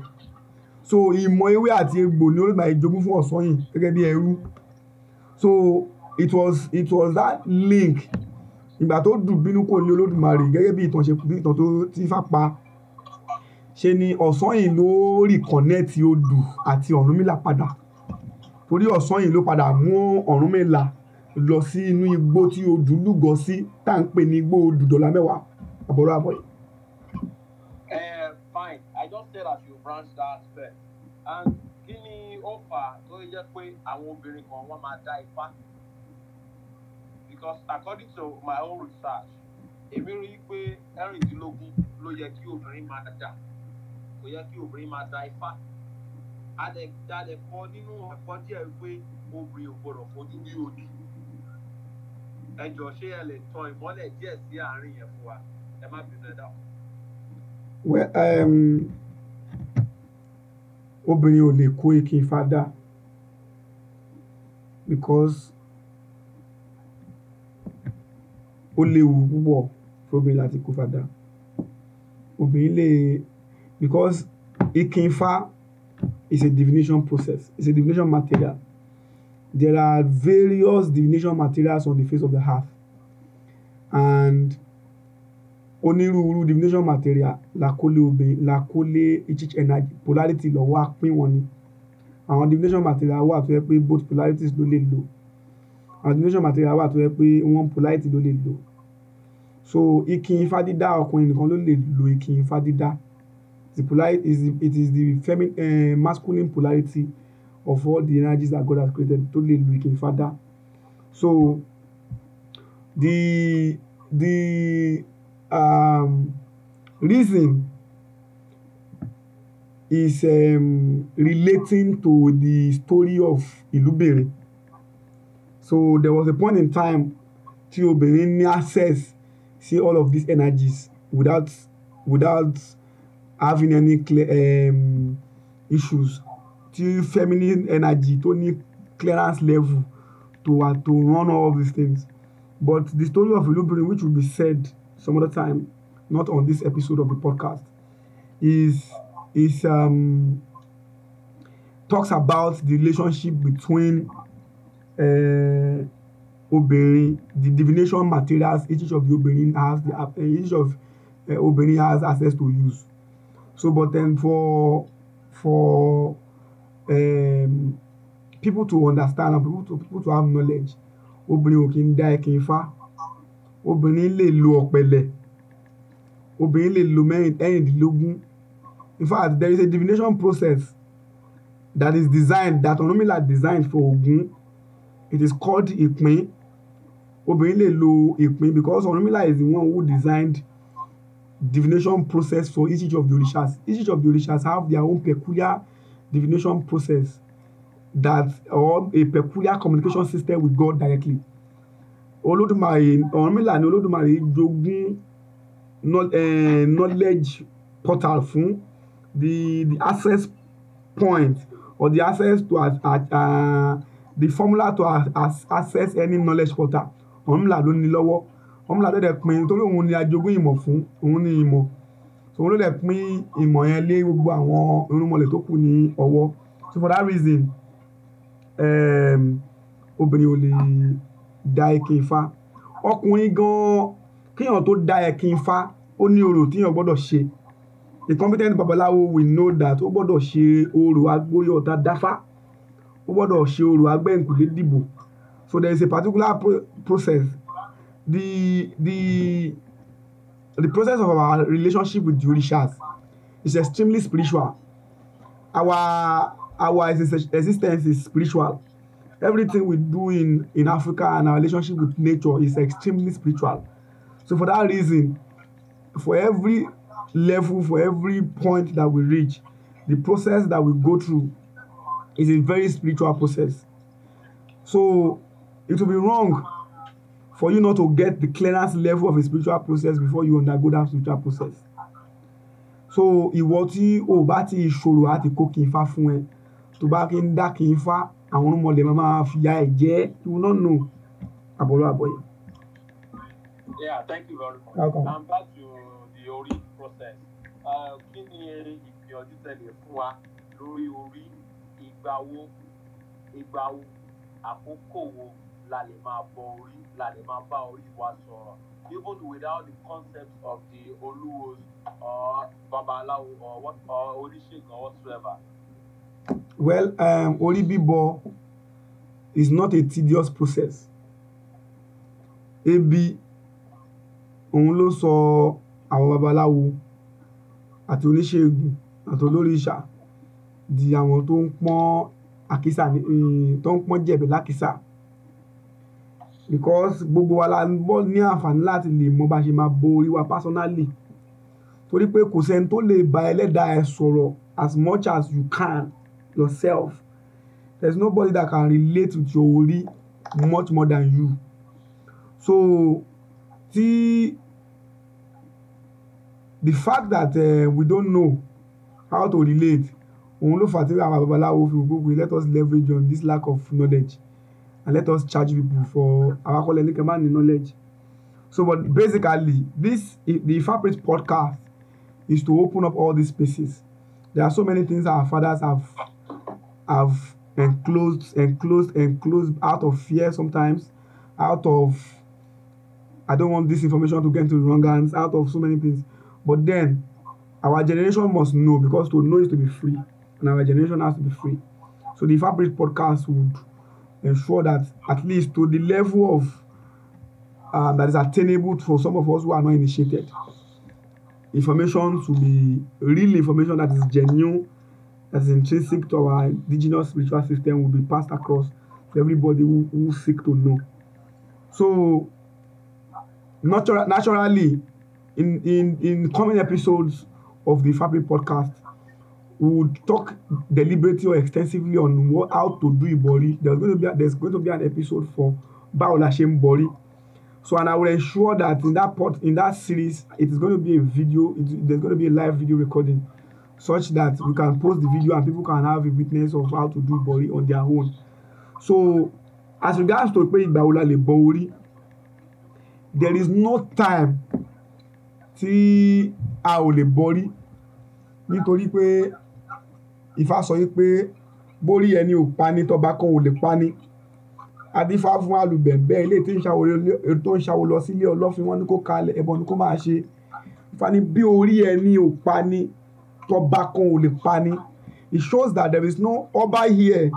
So ìmọ̀ ewé àti egbò ni Olódùmarè jogún fún Ọ̀sanyìn gẹ́gẹ́ bí ẹrú. So it was it was that link ìgbà tó dùbínú kúrò ní Olódùmarè gẹ́gẹ́ bí ìtàn ṣe bí ìtàn tó tí Ifá pa. Ṣé ni Ọ̀sanyìn ló reconnect odù àti Ọ̀rúnmìlà padà. Torí Ọ̀sanyìn ló padà mú Ọ̀rúnmìlà lọ sí inú igbó tí odù lúgọ sí tá ń pè ní igbó odù dọ́là mẹ́wàá. Àbọ̀rọ̀ àbọ̀yè. Eh, fine, I just said that you branch that fair and kí ni ó fà tó yẹ pé àwọn obìnrin kan wọ́n máa dá ipá because according to my own research èmi rí i pé ẹ̀rìndínlógún ló yẹ kí obìnrin máa dà kò yẹ kí obìnrin máa da ipá adẹ̀dàdẹ̀ kọ nínú ẹ̀kọ́ díẹ̀ pé obìnrin ò gbọdọ̀ fojú ní òdì ẹ ṣé ẹ lè tan ìmọ́lẹ̀ díẹ̀ sí àárín yẹn fún wa ẹ má bínú ẹ dákun. Um, obìnrin ò lè kó ikin ifá dá because ó léwu púpọ̀ fóbìnrin láti kó ifá dá obìnrin lè because ikin ifá is a divination process it's a divination material there are various divination materials on the face of the earth and onírúurú divination material la kó lé obìnrin la kó lé energy polarity lọ́wọ́ á pín wọn ni àwọn divination material wà tó yẹ pé both polarities ló lè lò àwọn divination material wà tó yẹ pé one polarity ló lè lò so ikin ifá dídá ọkùnrin nìkan ló lè lo ikin ifá dídá the polarity is the, it is the feminine uh, masculine polarity of all the energies that God has created tó lè lo ikin ifá dá so the the um, reason is um, relating to the story of Ìlúbẹ̀rẹ̀. So there was a point in time tí obìnrin ní access sí all of these energies without without having any clear um, issues tí feminine energy tó ní clearance level to uh, to run all of these things but the story of Ìlúbẹ̀rẹ̀ which will be said some other time, not on this episode of the podcast, is is um, talks about the relationship between uh, obìnrin, the divination materials each of the obìnrin has, the, uh, each of uh, obìnrin has access to use. So, but then for for um, people to understand and people to people to have knowledge, Obeni okay, kí ń obìnrin lè lo ọ̀pẹ̀lẹ̀, obìnrin lè lo mẹ́rìndínlógún. In fact, there is a divination process that is designed, that Ọ̀rúnmìlà designed for Ògún. It is called ìpín. Obìnrin lè lo ìpín because Ọ̀rúnmìlà is the one who designed divination process for each of the orishas. Each of the orishas have their own peculiar divination process that or a peculiar communication system with God directly olódùmarè Ọ̀rúnmìlà ni olódùmarè jogún eh, knowledge portal fún the the access point or the access to uh, the formula to uh, access any knowledge portal Ọ̀rúnmìlà ló ní lọ́wọ́ Ọ̀rúnmìlà ló dẹ̀ pín torí òun ni ajogún ìmọ̀ fún òun ni ìmọ̀ òun ló dẹ̀ pín ìmọ̀ yẹn lé gbogbo àwọn irúnmọlẹ̀ tó kù ní ọwọ́ so for that reason um, obìnrin ò lè da ẹkin ifá. Ọkùnrin gan-an kí èèyàn tó da ẹkin ifá, ó ní orò tí èèyàn ṣe. A competent Babalawo we know that ó gbọdọ̀ ṣe orò agbórí ọ̀tá dáfá, ó gbọdọ̀ ṣe orò agbẹ́ǹkùlé dìbò. So there is a particular pro-process. The, the, the process of our relationship with the Orishas is extremely spiritual. Our, our existence is spiritual everything we do in, in Africa and our relationship with nature is extremely spiritual. So, for that reason, for every level, for every point that we reach, the process that we go through is a very spiritual process. So, it will be wrong for you not to get the clearest level of a spiritual process before you undergo that spiritual process. So, ìwọ tí o bá ti ìṣòro àti kó kì í fa fún ẹ tó bá kí ń dá kì í fa àwọn irúnmọlẹ̀ máa máa fìyà ẹ̀ jẹ you will not àbọ̀rọ̀ àbọ̀yẹ̀. Yeah, thank you very much. Welcome. And back to the ori process. Uh, kí ni ìgbìyànjú tẹ̀lé fún wa lórí orí ìgbà wo ìgbà wo àkókò wo la lè máa bọ orí la lè máa bá orí wa sọ̀rọ̀ even without the concept of the olúwo or babaláwo or, what, or oníṣègùn or whatsoever. Well, um, orí bíbọ is not a tedious process. Ebi òun ló sọ àwọn babaláwo àti oníṣègùn àti olórìṣà di àwọn tó ń pọ́n àkísà tó ń pọ́n jẹ̀bẹ̀ lákìsà because gbogbo wa la ní àǹfààní láti lè mọ bá ṣe máa bo orí wa personally torí pé kò sẹ́ni tó lè bá ẹlẹ́dàá ẹ sọ̀rọ̀ as much as you can yourself. There's nobody that can relate with your worry much more than you. So, tí the fact that uh, we don't know how to relate òun ló fà tí àwọn babaláwo fi wò pé let us leverage on this lack of knowledge and let us charge people for our call ẹni kan of knowledge so but basically this the Ifaprint podcast is to open up all these spaces there are so many things our fathers have have enclosed, enclosed, enclosed out of fear sometimes, out of I don't want this information to get into the wrong hands, out of so many things. But then our generation must know because to know is to be free, and our generation has to be free. So the Fabric podcast would ensure that at least to the level of um, that is attainable for some of us who are not initiated, information to be real information that is genuine that's intrinsic to our indigenous spiritual system will be passed across to everybody who, who seek to know. So, natural, naturally, in, in, in coming episodes of the Fabric podcast, we would talk deliberately or extensively on what, how to do Ibori. There's going to be a, there's going to be an episode for Baolashem Bori. So, and I will ensure that in that part, in that series, it is going to be a video. It, there's going to be a live video recording such that we can post the video and people can have a witness of how to do bori on their own so as regards to pé ìgbà wo la there is no time tí a ò lè bọrí nítorí pé Ifá sọ yìí pé bórí ẹni ò pani tọba kan ò lè pani adífá fún alùbẹ̀bẹ̀ ilé tó ń ṣàwo lọ sílé ọlọ́fin wọn ni kó kalẹ̀ ẹbọ ni kó máa ṣe fani bí orí ẹni ò pani tọ́ba kan ò lè pa ni it shows that there is no ọba here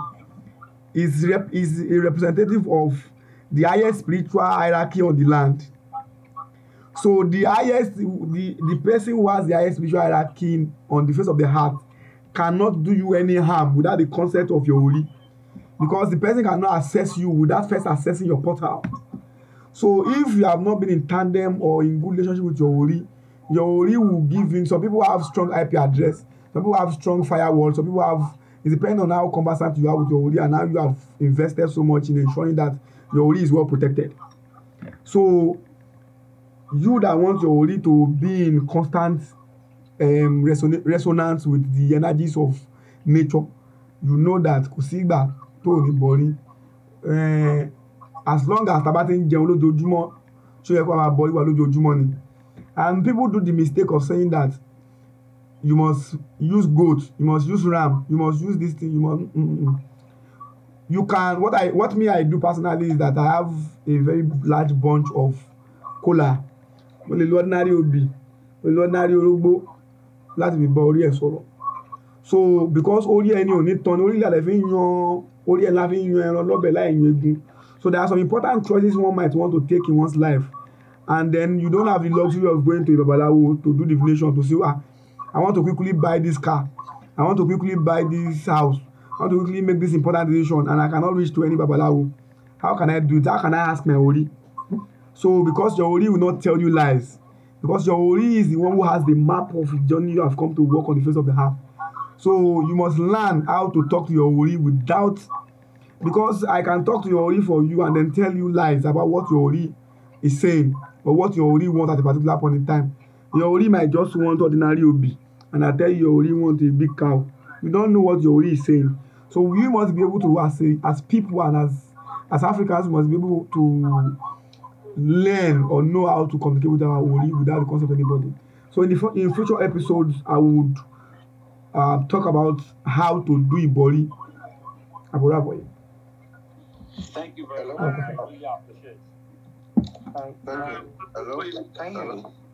is rep is a representative of the highest spiritual hierarchy on the land so the highest the the person who has the highest spiritual hierarchy on the face of the heart cannot do you any harm without the consent of your holy because the person cannot assess you without first assessing your portal so if you have not been in tandem or in good relationship with your holy your ori will give in. some people have strong ip address some people have strong firewall some people have it depends on how conversant you are with your ori and how you have invested so much in ensuring that your ori is well protected so you that want your ori to be in constant um, reson resonance with the energies of nature you know that kò sí ìgbà tó ò ní borí eh, as long as tá a bá ti ń jẹun lójoojúmọ́ ṣó yẹ kó máa borí wa lójoojúmọ́ ni And people do the mistake of saying that you must use goat, you must use ram, you must use this thing, you must. Mm-mm. You can. What I what me I do personally is that I have a very large bunch of kola. Mo lè ordinary obì, mo lè ordinary orógbó láti fi bọ orí ẹ̀ sọ̀rọ̀. So because orí ẹni ò ní tan ni orí ìlàlẹ̀ fi ń yan orí ẹ̀ la fi yan ẹran lọ́bẹ̀ láì yan egun. So there are some important choices one might want to take in one's life and then you don't have the luxury of going to babalawo to do divination to say ah i want to quickly buy this car i want to quickly buy this house i want to quickly make this important decision and i cannot reach to any babalawo how can i do it how can i ask my ori so because your ori will not tell you lies because your ori is the one who has the map of the journey you have come to walk on the face of the earth so you must learn how to talk to your ori without because i can talk to your ori for you and then tell you lies about what your ori is saying But what your Ori want at a particular point in time. Your Ori might just want ordinary Obi. And I tell you, your Ori want a big cow. You don't know what your Ori is saying. So we must be able to, as, a, as people and as, as Africans, must be able to learn or know how to communicate with our Ori without the consent of anybody. So in, the, in future episodes, I would uh, talk about how to do Ibori. Aboraboye. Thank you very much. I really appreciate it. Hello?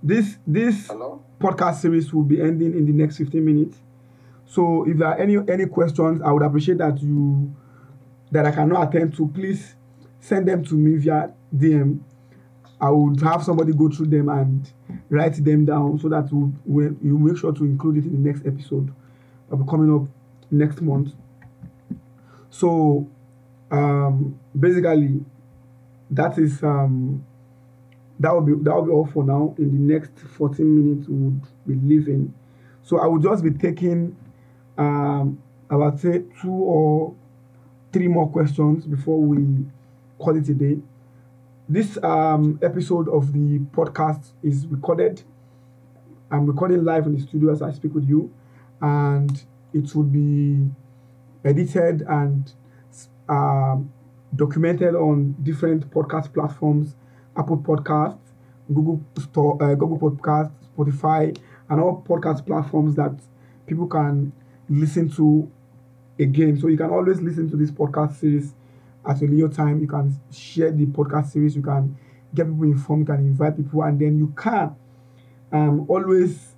This this Hello? podcast series will be ending in the next 15 minutes. So if there are any any questions, I would appreciate that you that I cannot attend to, please send them to me via DM. I would have somebody go through them and write them down so that we'll, we'll, you make sure to include it in the next episode that will be coming up next month. So um, basically, that is um, that will be that will be all for now. In the next 14 minutes, we would be leaving. So I will just be taking um, I say two or three more questions before we call it a day. This um, episode of the podcast is recorded. I'm recording live in the studio as I speak with you, and it will be edited and um, documented on different podcast platforms Apple Podcasts, Google Store, uh, Google Podcasts, Spotify, and all podcast platforms that people can listen to again. So you can always listen to this podcast series at a later time. You can share the podcast series. You can get people informed. You can invite people, and then you can um, always.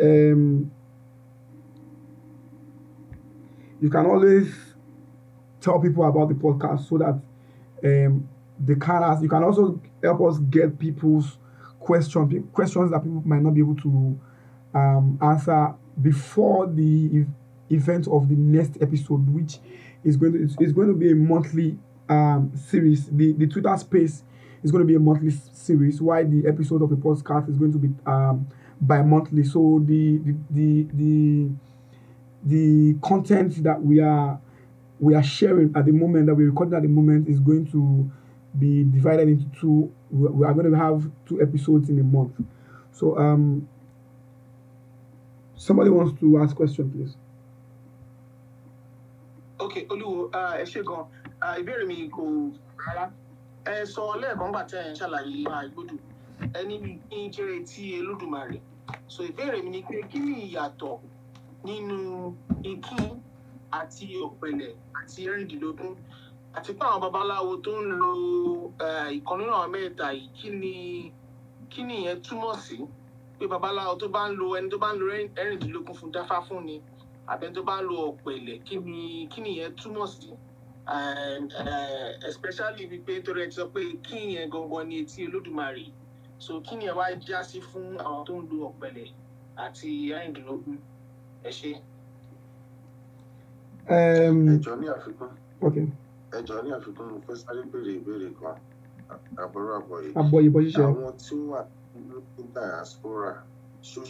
Um, you can always tell people about the podcast so that um, they can You can also help us get people's question, questions that people might not be able to um, answer before the event of the next episode, which is going to is going to be a monthly um, series. The the Twitter space is going to be a monthly series. Why the episode of the podcast is going to be um, bi-monthly. So the the the the, the content that we are we are sharing at the moment that we're recording at the moment is going to be divided into two. We are going to have two episodes in a month. So, um, somebody wants to ask question, please. Okay, Olu, uh, ẹ ṣe uh, mi ko, rárá. Ẹ sọ lẹ́ẹ̀kan gbà tẹ́ ẹ̀ ń ṣàlàyé máa gbódù. Ẹni mi kí tí Elódùmarè. So ìbéèrè mi ni pé kí ni ìyàtọ̀ nínú ikín àti ọ̀pẹ̀lẹ̀ àti ẹ̀rìndínlógún àti pé àwọn babaláwo tó ń lo ìkan nínú àwọn mẹ́ta yìí kí ni kí ni ìyẹn túmọ̀ sí pé babaláwo tó bá ń lo ẹni tó bá ń lo ẹ̀rìndínlógún fún dáfá fún ni àbẹ tó bá ń lo ọ̀pẹ̀lẹ̀ kí ni kí ni ìyẹn túmọ̀ sí especially wípé torí ẹ ti sọ pé kí ìyẹn gangan ni etí olódùmarè so kí ni ẹ wá já sí fún àwọn tó ń lo ọ̀pẹ̀lẹ̀ àti ẹ̀rìndínlógún ẹ ṣe. ẹjọ ní àfikún ẹ jọ ní àfikún mo fẹ́ sáré béèrè ìbéèrè kan àbúrò àbọ̀yé. àbọ̀yé bó ṣiṣẹ́. àwọn tí wà ní diaspora ṣó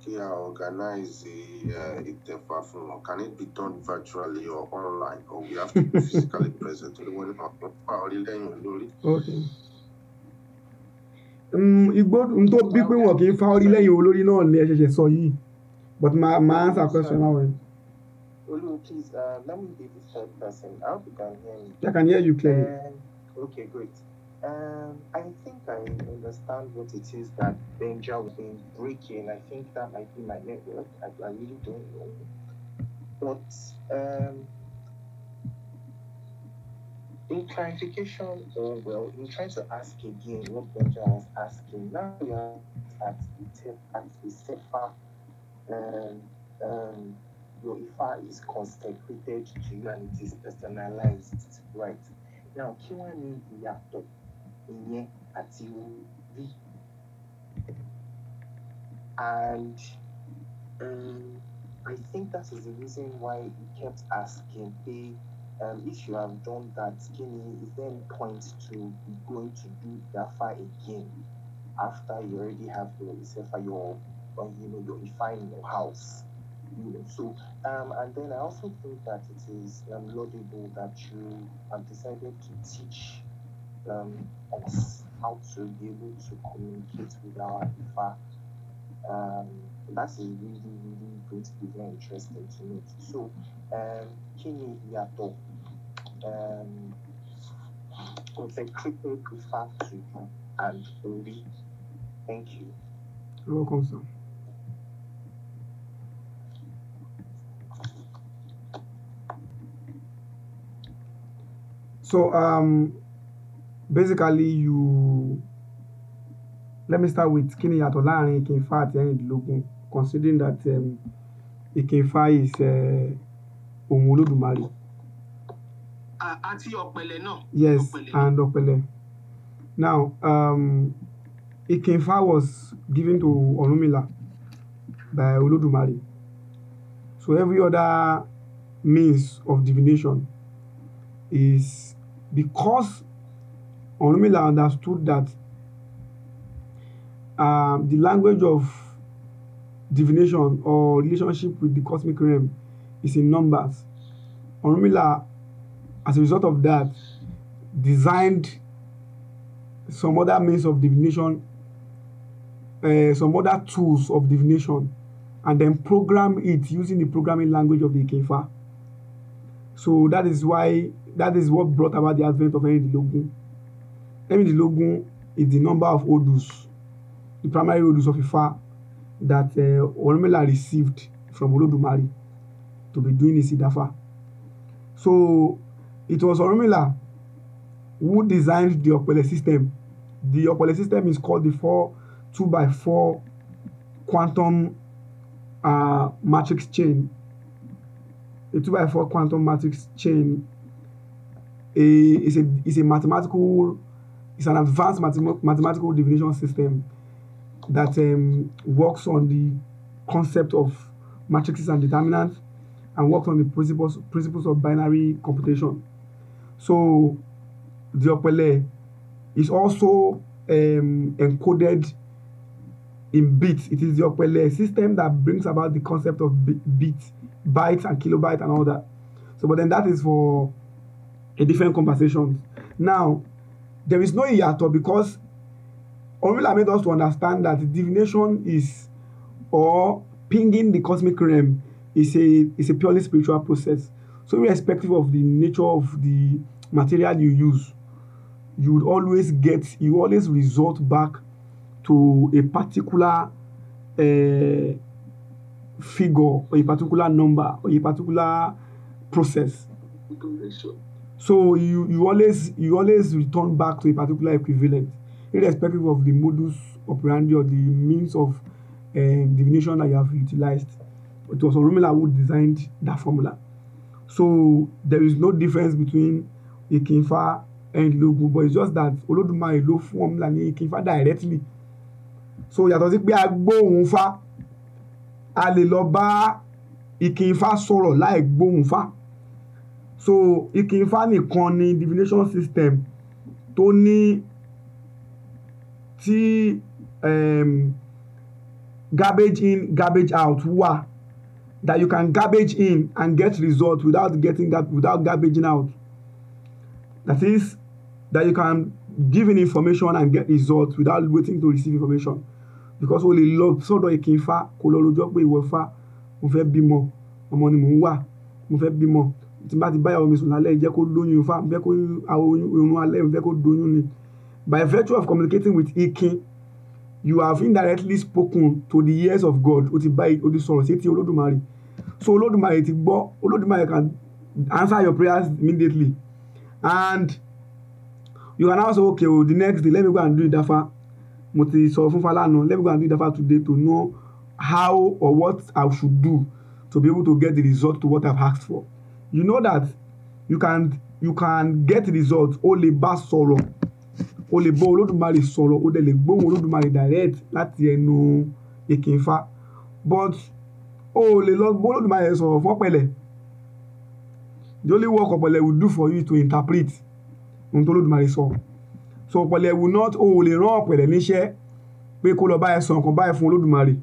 kí a organize eh, ìtẹ̀fà fún wọn can it be done virtually or online or we have to be physically present olówó nípa pípa orílẹ̀-èdè lórí. Hmm, igbó tó bí pé wọn kì í fa orílẹ̀-èdè olórí náà lè ṣẹ̀ṣẹ̀ sọ yìí but màá answer question now. Olu, please, uh, let me be the third person. I hope you can hear me. I can hear you clearly. Uh, okay, great. Um, I think I understand what it is that Benja was been breaking. I think that might be my network. I, I really don't know. But um, in clarification, uh, well, in trying to ask again what Benja was asking, now we are at the, at the SEPA um, um, your ifa is consecrated to you and it is personalized, right? Now, kí wọ́n ní ìyàtọ̀ ìyẹn àti orí? And um, I think that is the reason why he kept asking, hey, um, if you have done that, skinny, is there any point to going to do ifa again after you already have your Isefa, your, you know, your Ifa in your house? so um, and then I also think that it is um, laudable that you have decided to teach um, us how to be able to communicate with our IFA. Um, that is really, really going to be very interesting to me. So, um, Yato, um, consecrating to you and Ori. Thank you. You're welcome, sir. So um, basically you let me start with kí ni ìyàtọ̀ láàrin ìkínfà àti ẹ̀rìndínlógún considering that um, ìkínfà is uh, ohun olódùmarè. àti ọ̀pẹ̀lẹ̀ náà. yes ọ̀pẹ̀lẹ̀. and ọ̀pẹ̀lẹ̀. now um, ìkínfà was given to Onumila by olódùmarè so every other means of divination is because Orunmila understood that um, the language of divination or relationship with the cosmic realm is in numbers. Orunmila, as a result of that, designed some other means of divination, uh, some other tools of divination, and then program it using the programming language of the Ikefa. So that is why that is what brought about the advent of the logun. the logun is the number of odus the primary odus of Ifa that uh, Orunmila received from Olodumari to be doing his Idafa so it was Oromela who designed the Opele system the Opele system is called the four two by four quantum uh, matrix chain a two by four quantum matrix chain a, it's, a, it's a mathematical, it's an advanced math- mathematical division system that um, works on the concept of matrices and determinants and works on the principles, principles of binary computation. So the Opele is also um, encoded in bits. It is the Opele system that brings about the concept of bits, bytes and kilobytes and all that. So, but then that is for different conversations. Now, there is no hiato because Orilla made us to understand that divination is or pinging the cosmic realm is a is a purely spiritual process. So irrespective of the nature of the material you use, you would always get you always resort back to a particular uh, figure or a particular number or a particular process. So you, you always you always return back to a particular equivalent, irrespective of the modus operandi or the means of um, divination that you have utilized. It was Oromila who designed that formula. So there is no difference between Ikinfa and Ilogun, but it's just that Olódùmarè ló fún ọmọlá ní Ikinfa directly. So yàtọ̀ sí pé a gbóhùn fa, a lè lọ bá Ikinfa sọ̀rọ̀ láì gbóhùn fa. So Ikin Ifá nìkan ni divination system tó ní tí um, garbage in garbage out wà that you can garbage in and get result without getting gar without garbaging out that is that you can give in information and get result without waiting to receive information because o lè lọ sọ́dọ̀ Ikin Ifá kó lọ rojọ́ pé ìwọ Ifá mo fẹ́ bímọ ọmọ ni mò ń wà mo fẹ́ bímọ tí bá ti bá ìyàwó mi sùn lálẹ́ jẹ́ kó lóyún ifá jẹ́ kó irun alẹ́ mi jẹ́ kó doyún ni by virtue of communicating with ikin you have indirectly spoken to the ears of God o ti bá o ti sọ̀rọ̀ sí ti olódùmarè so olódùmarè ti gbọ́ olódùmarè can answer your prayers immediately and you can now say okay o oh, the next day let me go and do idafa mo ti sọ fún falana let me go and do idafa today to know how or what I should do to be able to get the result to what I've asked for you know that you can you can get result o lè bá sọ̀rọ̀ o lè bọ́ olódùmarè sọ̀rọ̀ o dẹ̀ lè gbóhùn olódùmarè direct láti ẹnu èkìnfà but o lè lọ bọ́ olódùmarè sọ̀rọ̀ fún ọ̀pẹ̀lẹ̀ the only work ọ̀pẹ̀lẹ̀ will do for you to interpret ohun tó olódùmarè sọ so ọ̀pẹ̀lẹ̀ will not o lè rán ọ̀pẹ̀lẹ̀ níṣẹ́ pé kó lọ bá ẹ sọ nǹkan báyìí fún olódùmarè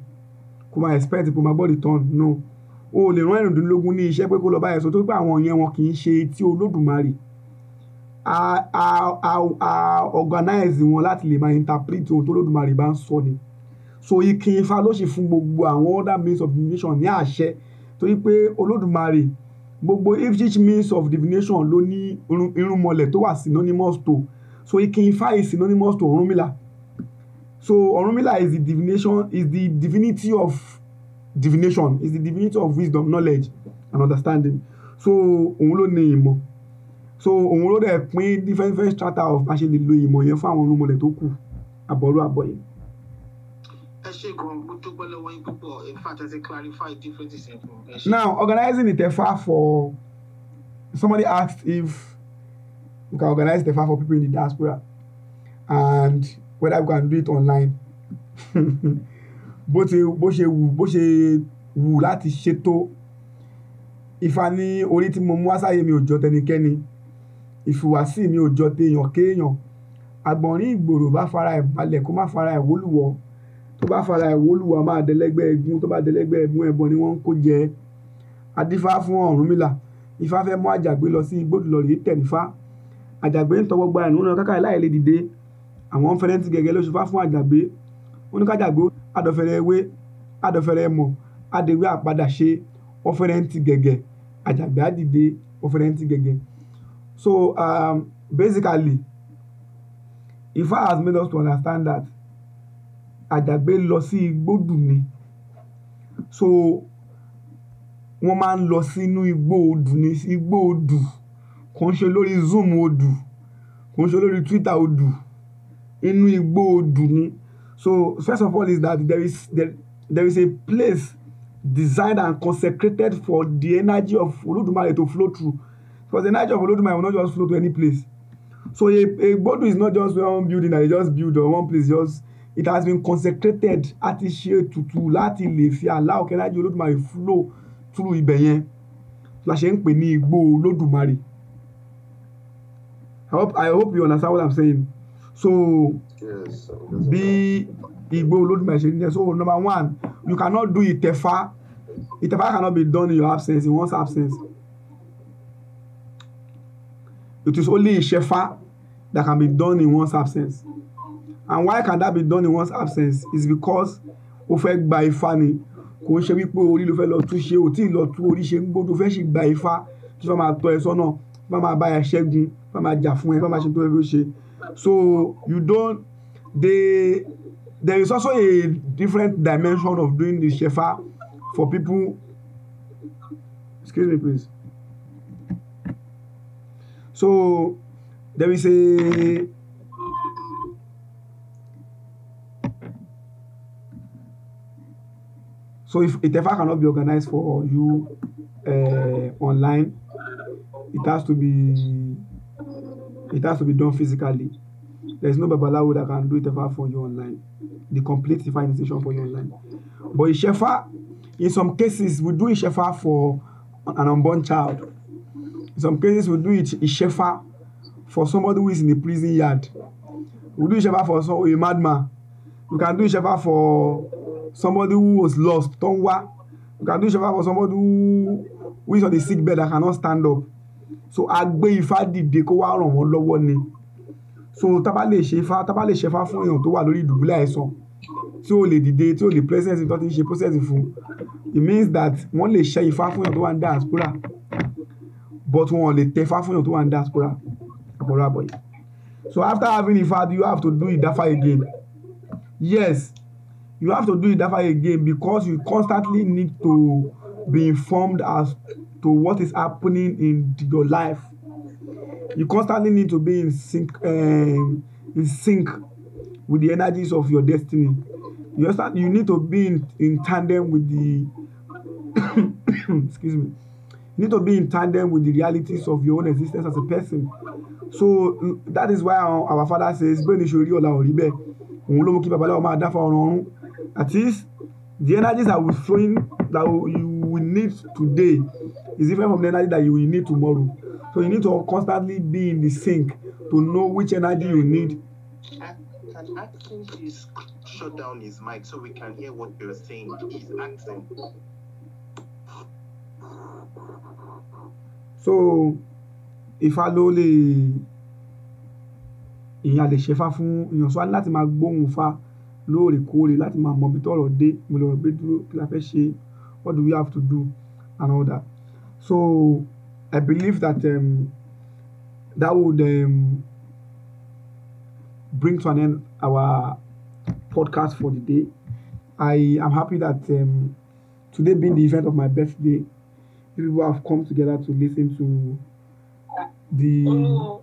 kó máa expect kó máa gbọ́ return no o lè rán ẹ̀rìndínlógún ní iṣẹ́ pé kó lọ bá ẹ sọ tó pé àwọn yẹn wọn kì í ṣe ti olódùmarè a a organize wọn láti lè máa interpret ohun tó olódùmarè bá ń sọ ni so ikin ifá ló sì fún gbogbo àwọn other means of divination ní àṣẹ torí pé olódùmarè gbogbo each means of divination ló ní irúnmọlẹ̀ tó wà synonymous to so ikin ifá is synonymous to Ọ̀rúnmìlà so Ọ̀rúnmìlà is the divination is the divinity of divination is the divinity of wisdom knowledge and understanding so òun ló ní ìmọ̀ so òun ló dẹ̀ pín different different strata of bá ṣe lè lo ìmọ̀ yẹn fún àwọn irúnmọlẹ̀ tó kù àbọ̀rú àbọ̀ yẹn. ẹ ṣe gan mo dúpẹ́ lọ́wọ́ yín púpọ̀ in fact as i clarify different things. now organizing itefa for somebody asked if we can organize itefa for people in the diaspora and whether we can do it online. bó ti bó ṣe wù bó ṣe wù láti ṣe tó Ifá ní orí tí mo mú wá sáyé mi ò jọ tẹnikẹ́ni ìfùwàsí mi ò jọ téèyàn kéèyàn àgbọ̀nrín ìgboro bá fara ẹ̀ balẹ̀ kó má fara ẹ̀ wólùwọ́ tó bá fara ẹ̀ wólùwọ́ máa dẹlẹ́gbẹ́ egun tó bá dẹlẹ́gbẹ́ egun ẹ̀bọ ni wọ́n ń kó jẹ adífá fún Ọ̀rúnmìlà Ifá fẹ́ mú àjàgbé lọ sí igbó lọ rèé tẹ̀lifá àjàgbé ń tọwọ́ gba ẹ̀rù náà kákàrí láì lè dìde àwọn fẹ́rẹ́ǹtì gẹ́gẹ́ ló ṣe fá fún àjàgbé ó ní kájàgbé ó adọ̀fẹ̀rẹ̀ ewé adọ̀fẹ̀rẹ̀ ẹmọ̀ adèwé àpadà ṣe ọ̀fẹ̀rẹ̀ ń ti gẹ̀gẹ̀ àjàgbé àdìde ọ̀fẹ̀rẹ̀ ń so um, basically Ifá has made us to understand that àjàgbé lọ sí igbó dùn ni so wọ́n máa ń lọ sínú igbó odù ní igbó odù kò ń ṣe lórí zoom odù kò ń ṣe lórí twitter odù inú igbó odù ni. So, first of all, is that there is there, there is a place designed and consecrated for the energy of Olodumare to flow through. Because the energy of Olodumare will not just flow to any place. So a, a gbodu is not just one building that you just build or one place just it has been consecrated àti ṣe to láti lè fi àlá òkè energy Olódùmarè flow through ibẹ̀ la ṣe ń pè ní igbó Olódùmarè. I hope I hope you understand what I'm saying. So bí Igbo Olódùmarè ṣe ní so number one you cannot do itefa. Itefa cannot be done in your absence in one's absence it is only ìṣẹ̀fá that can be done in one's absence and why can that be done in one's absence is because o fẹ́ gba ifá ni kò ń ṣe wípé orí ló fẹ́ lọ tún ṣe ò tí ì lọ tún orí ṣe ń gbódò fẹ́ sì gba ifá tí wọ́n máa tọ́ ẹ sọ́nà wọ́n máa bá ẹ ṣẹ́gun wọ́n máa jà fún ẹ wọ́n máa ṣe tó ẹ fi ṣe so you don't they there is also a different dimension of doing the shefa for people excuse me please so there is a so if itefa cannot be organized for you uh, online it has to be it has to be done physically There's no Babalawo that can do it ever for you online, the complete Ifa initiation for you online. But Ishefa, in some cases, we do Ishefa for an unborn child. In some cases, we do it Ishefa for somebody who is in the prison yard. We do Ishefa for some, a madman. We can do Ishefa for somebody who was lost, Tonwa. We can do Ishefa for somebody who, who is on the sick bed that cannot stand up. So, Agbe Ifa dìde kó wá ràn wọ́n lọ́wọ́ ni so tá bá lè ṣe fá tá bá lè ṣe fá fún èèyàn tó wà lórí ìdùbúlẹ̀ àìsàn tí ó lè dìde tí ó lè presence tó ti ń ṣe process fún it means that wọ́n le ṣe ifá fún èèyàn tó wà ní diaspora but wọ́n le te ifá fún èèyàn tó wà ní diaspora àbọ̀rọ̀ àbọ̀yé so after having ifá you have to do ìdáfá again yes you have to do ìdáfá again because you constantly need to be informed as to what is happening in your life You constantly need to be in sync, uh, in sync with the energies of your destiny. You understand? You need to be in, in tandem with the excuse me. You need to be in tandem with the realities of your own existence as a person. So mm, that is why our, our father says, "Bẹ́ẹ̀ni ṣorí ọ̀la ò rí bẹ́ẹ̀." Òun ló mú kí babaláwo máa dáfa ọ̀rọ̀ ọ̀run. At least the energies that will flowing that you will need today is different from the energy that you will need tomorrow. So you need to constantly be in the sync to know which energy you need. Can Axon please shut down his mic so we can hear what you're saying? He's acting. So Ifá ló lè ìyẹn lè ṣẹfá fún ìyànṣọ́ láti máa gbóhùn fa lóòrèkóòrè láti máa mọ ibi tọ́rọ̀ dé mo lọ́rọ̀ gbé dúró kí la fẹ́ ṣe what do we have to do and all that. So I believe that um, that would um, bring to an end our podcast for the day. I am happy that um, today being the event of my birthday, people have come together to listen to the oh,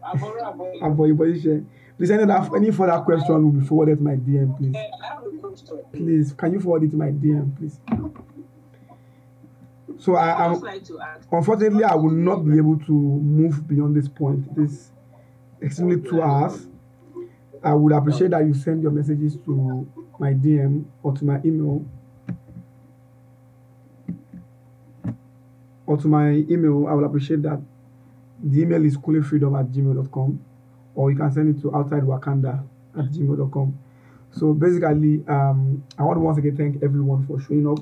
avoidance. Please, any, any further question will be forwarded to my DM, please. Please, can you forward it to my DM, please? So I, am like unfortunately I will not be able to move beyond this point. It is extremely two hours. I would appreciate that you send your messages to my DM or to my email or to my email. I will appreciate that. The email is coolingfreedom at gmail.com or you can send it to outside wakanda at gmail.com. So basically, um, I want to once again thank everyone for showing up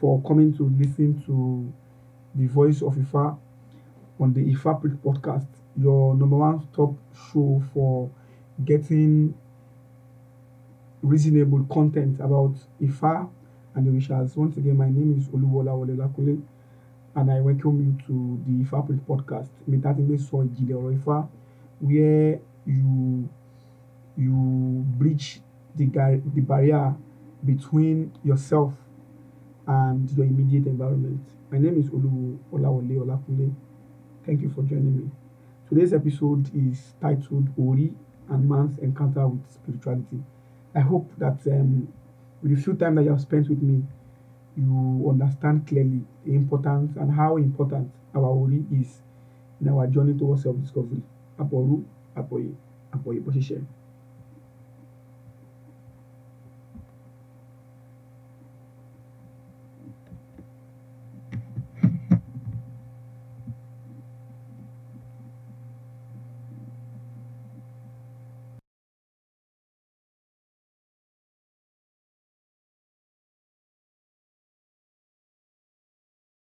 for coming to listen to the voice of Ifa on the Ifa Prick podcast, your number one stop show for getting reasonable content about Ifa and the Orishas. Once again, my name is Oluwola Olelakule, and I welcome you to the Ifa Prick podcast. Mitatimbe sọ ìjìnlẹ̀ ọ̀rọ̀ Ifá, where you you breach the, the barrier between yourself and your immediate environment. My name is Olu Olawole Olakule. Thank you for joining me. Today's episode is titled Ori and Man's Encounter with Spirituality. I hope that um, with the few time that you have spent with me, you understand clearly the importance and how important our Ori is in our journey towards self discovery. Aboru, aboye, aboye, Poshishe.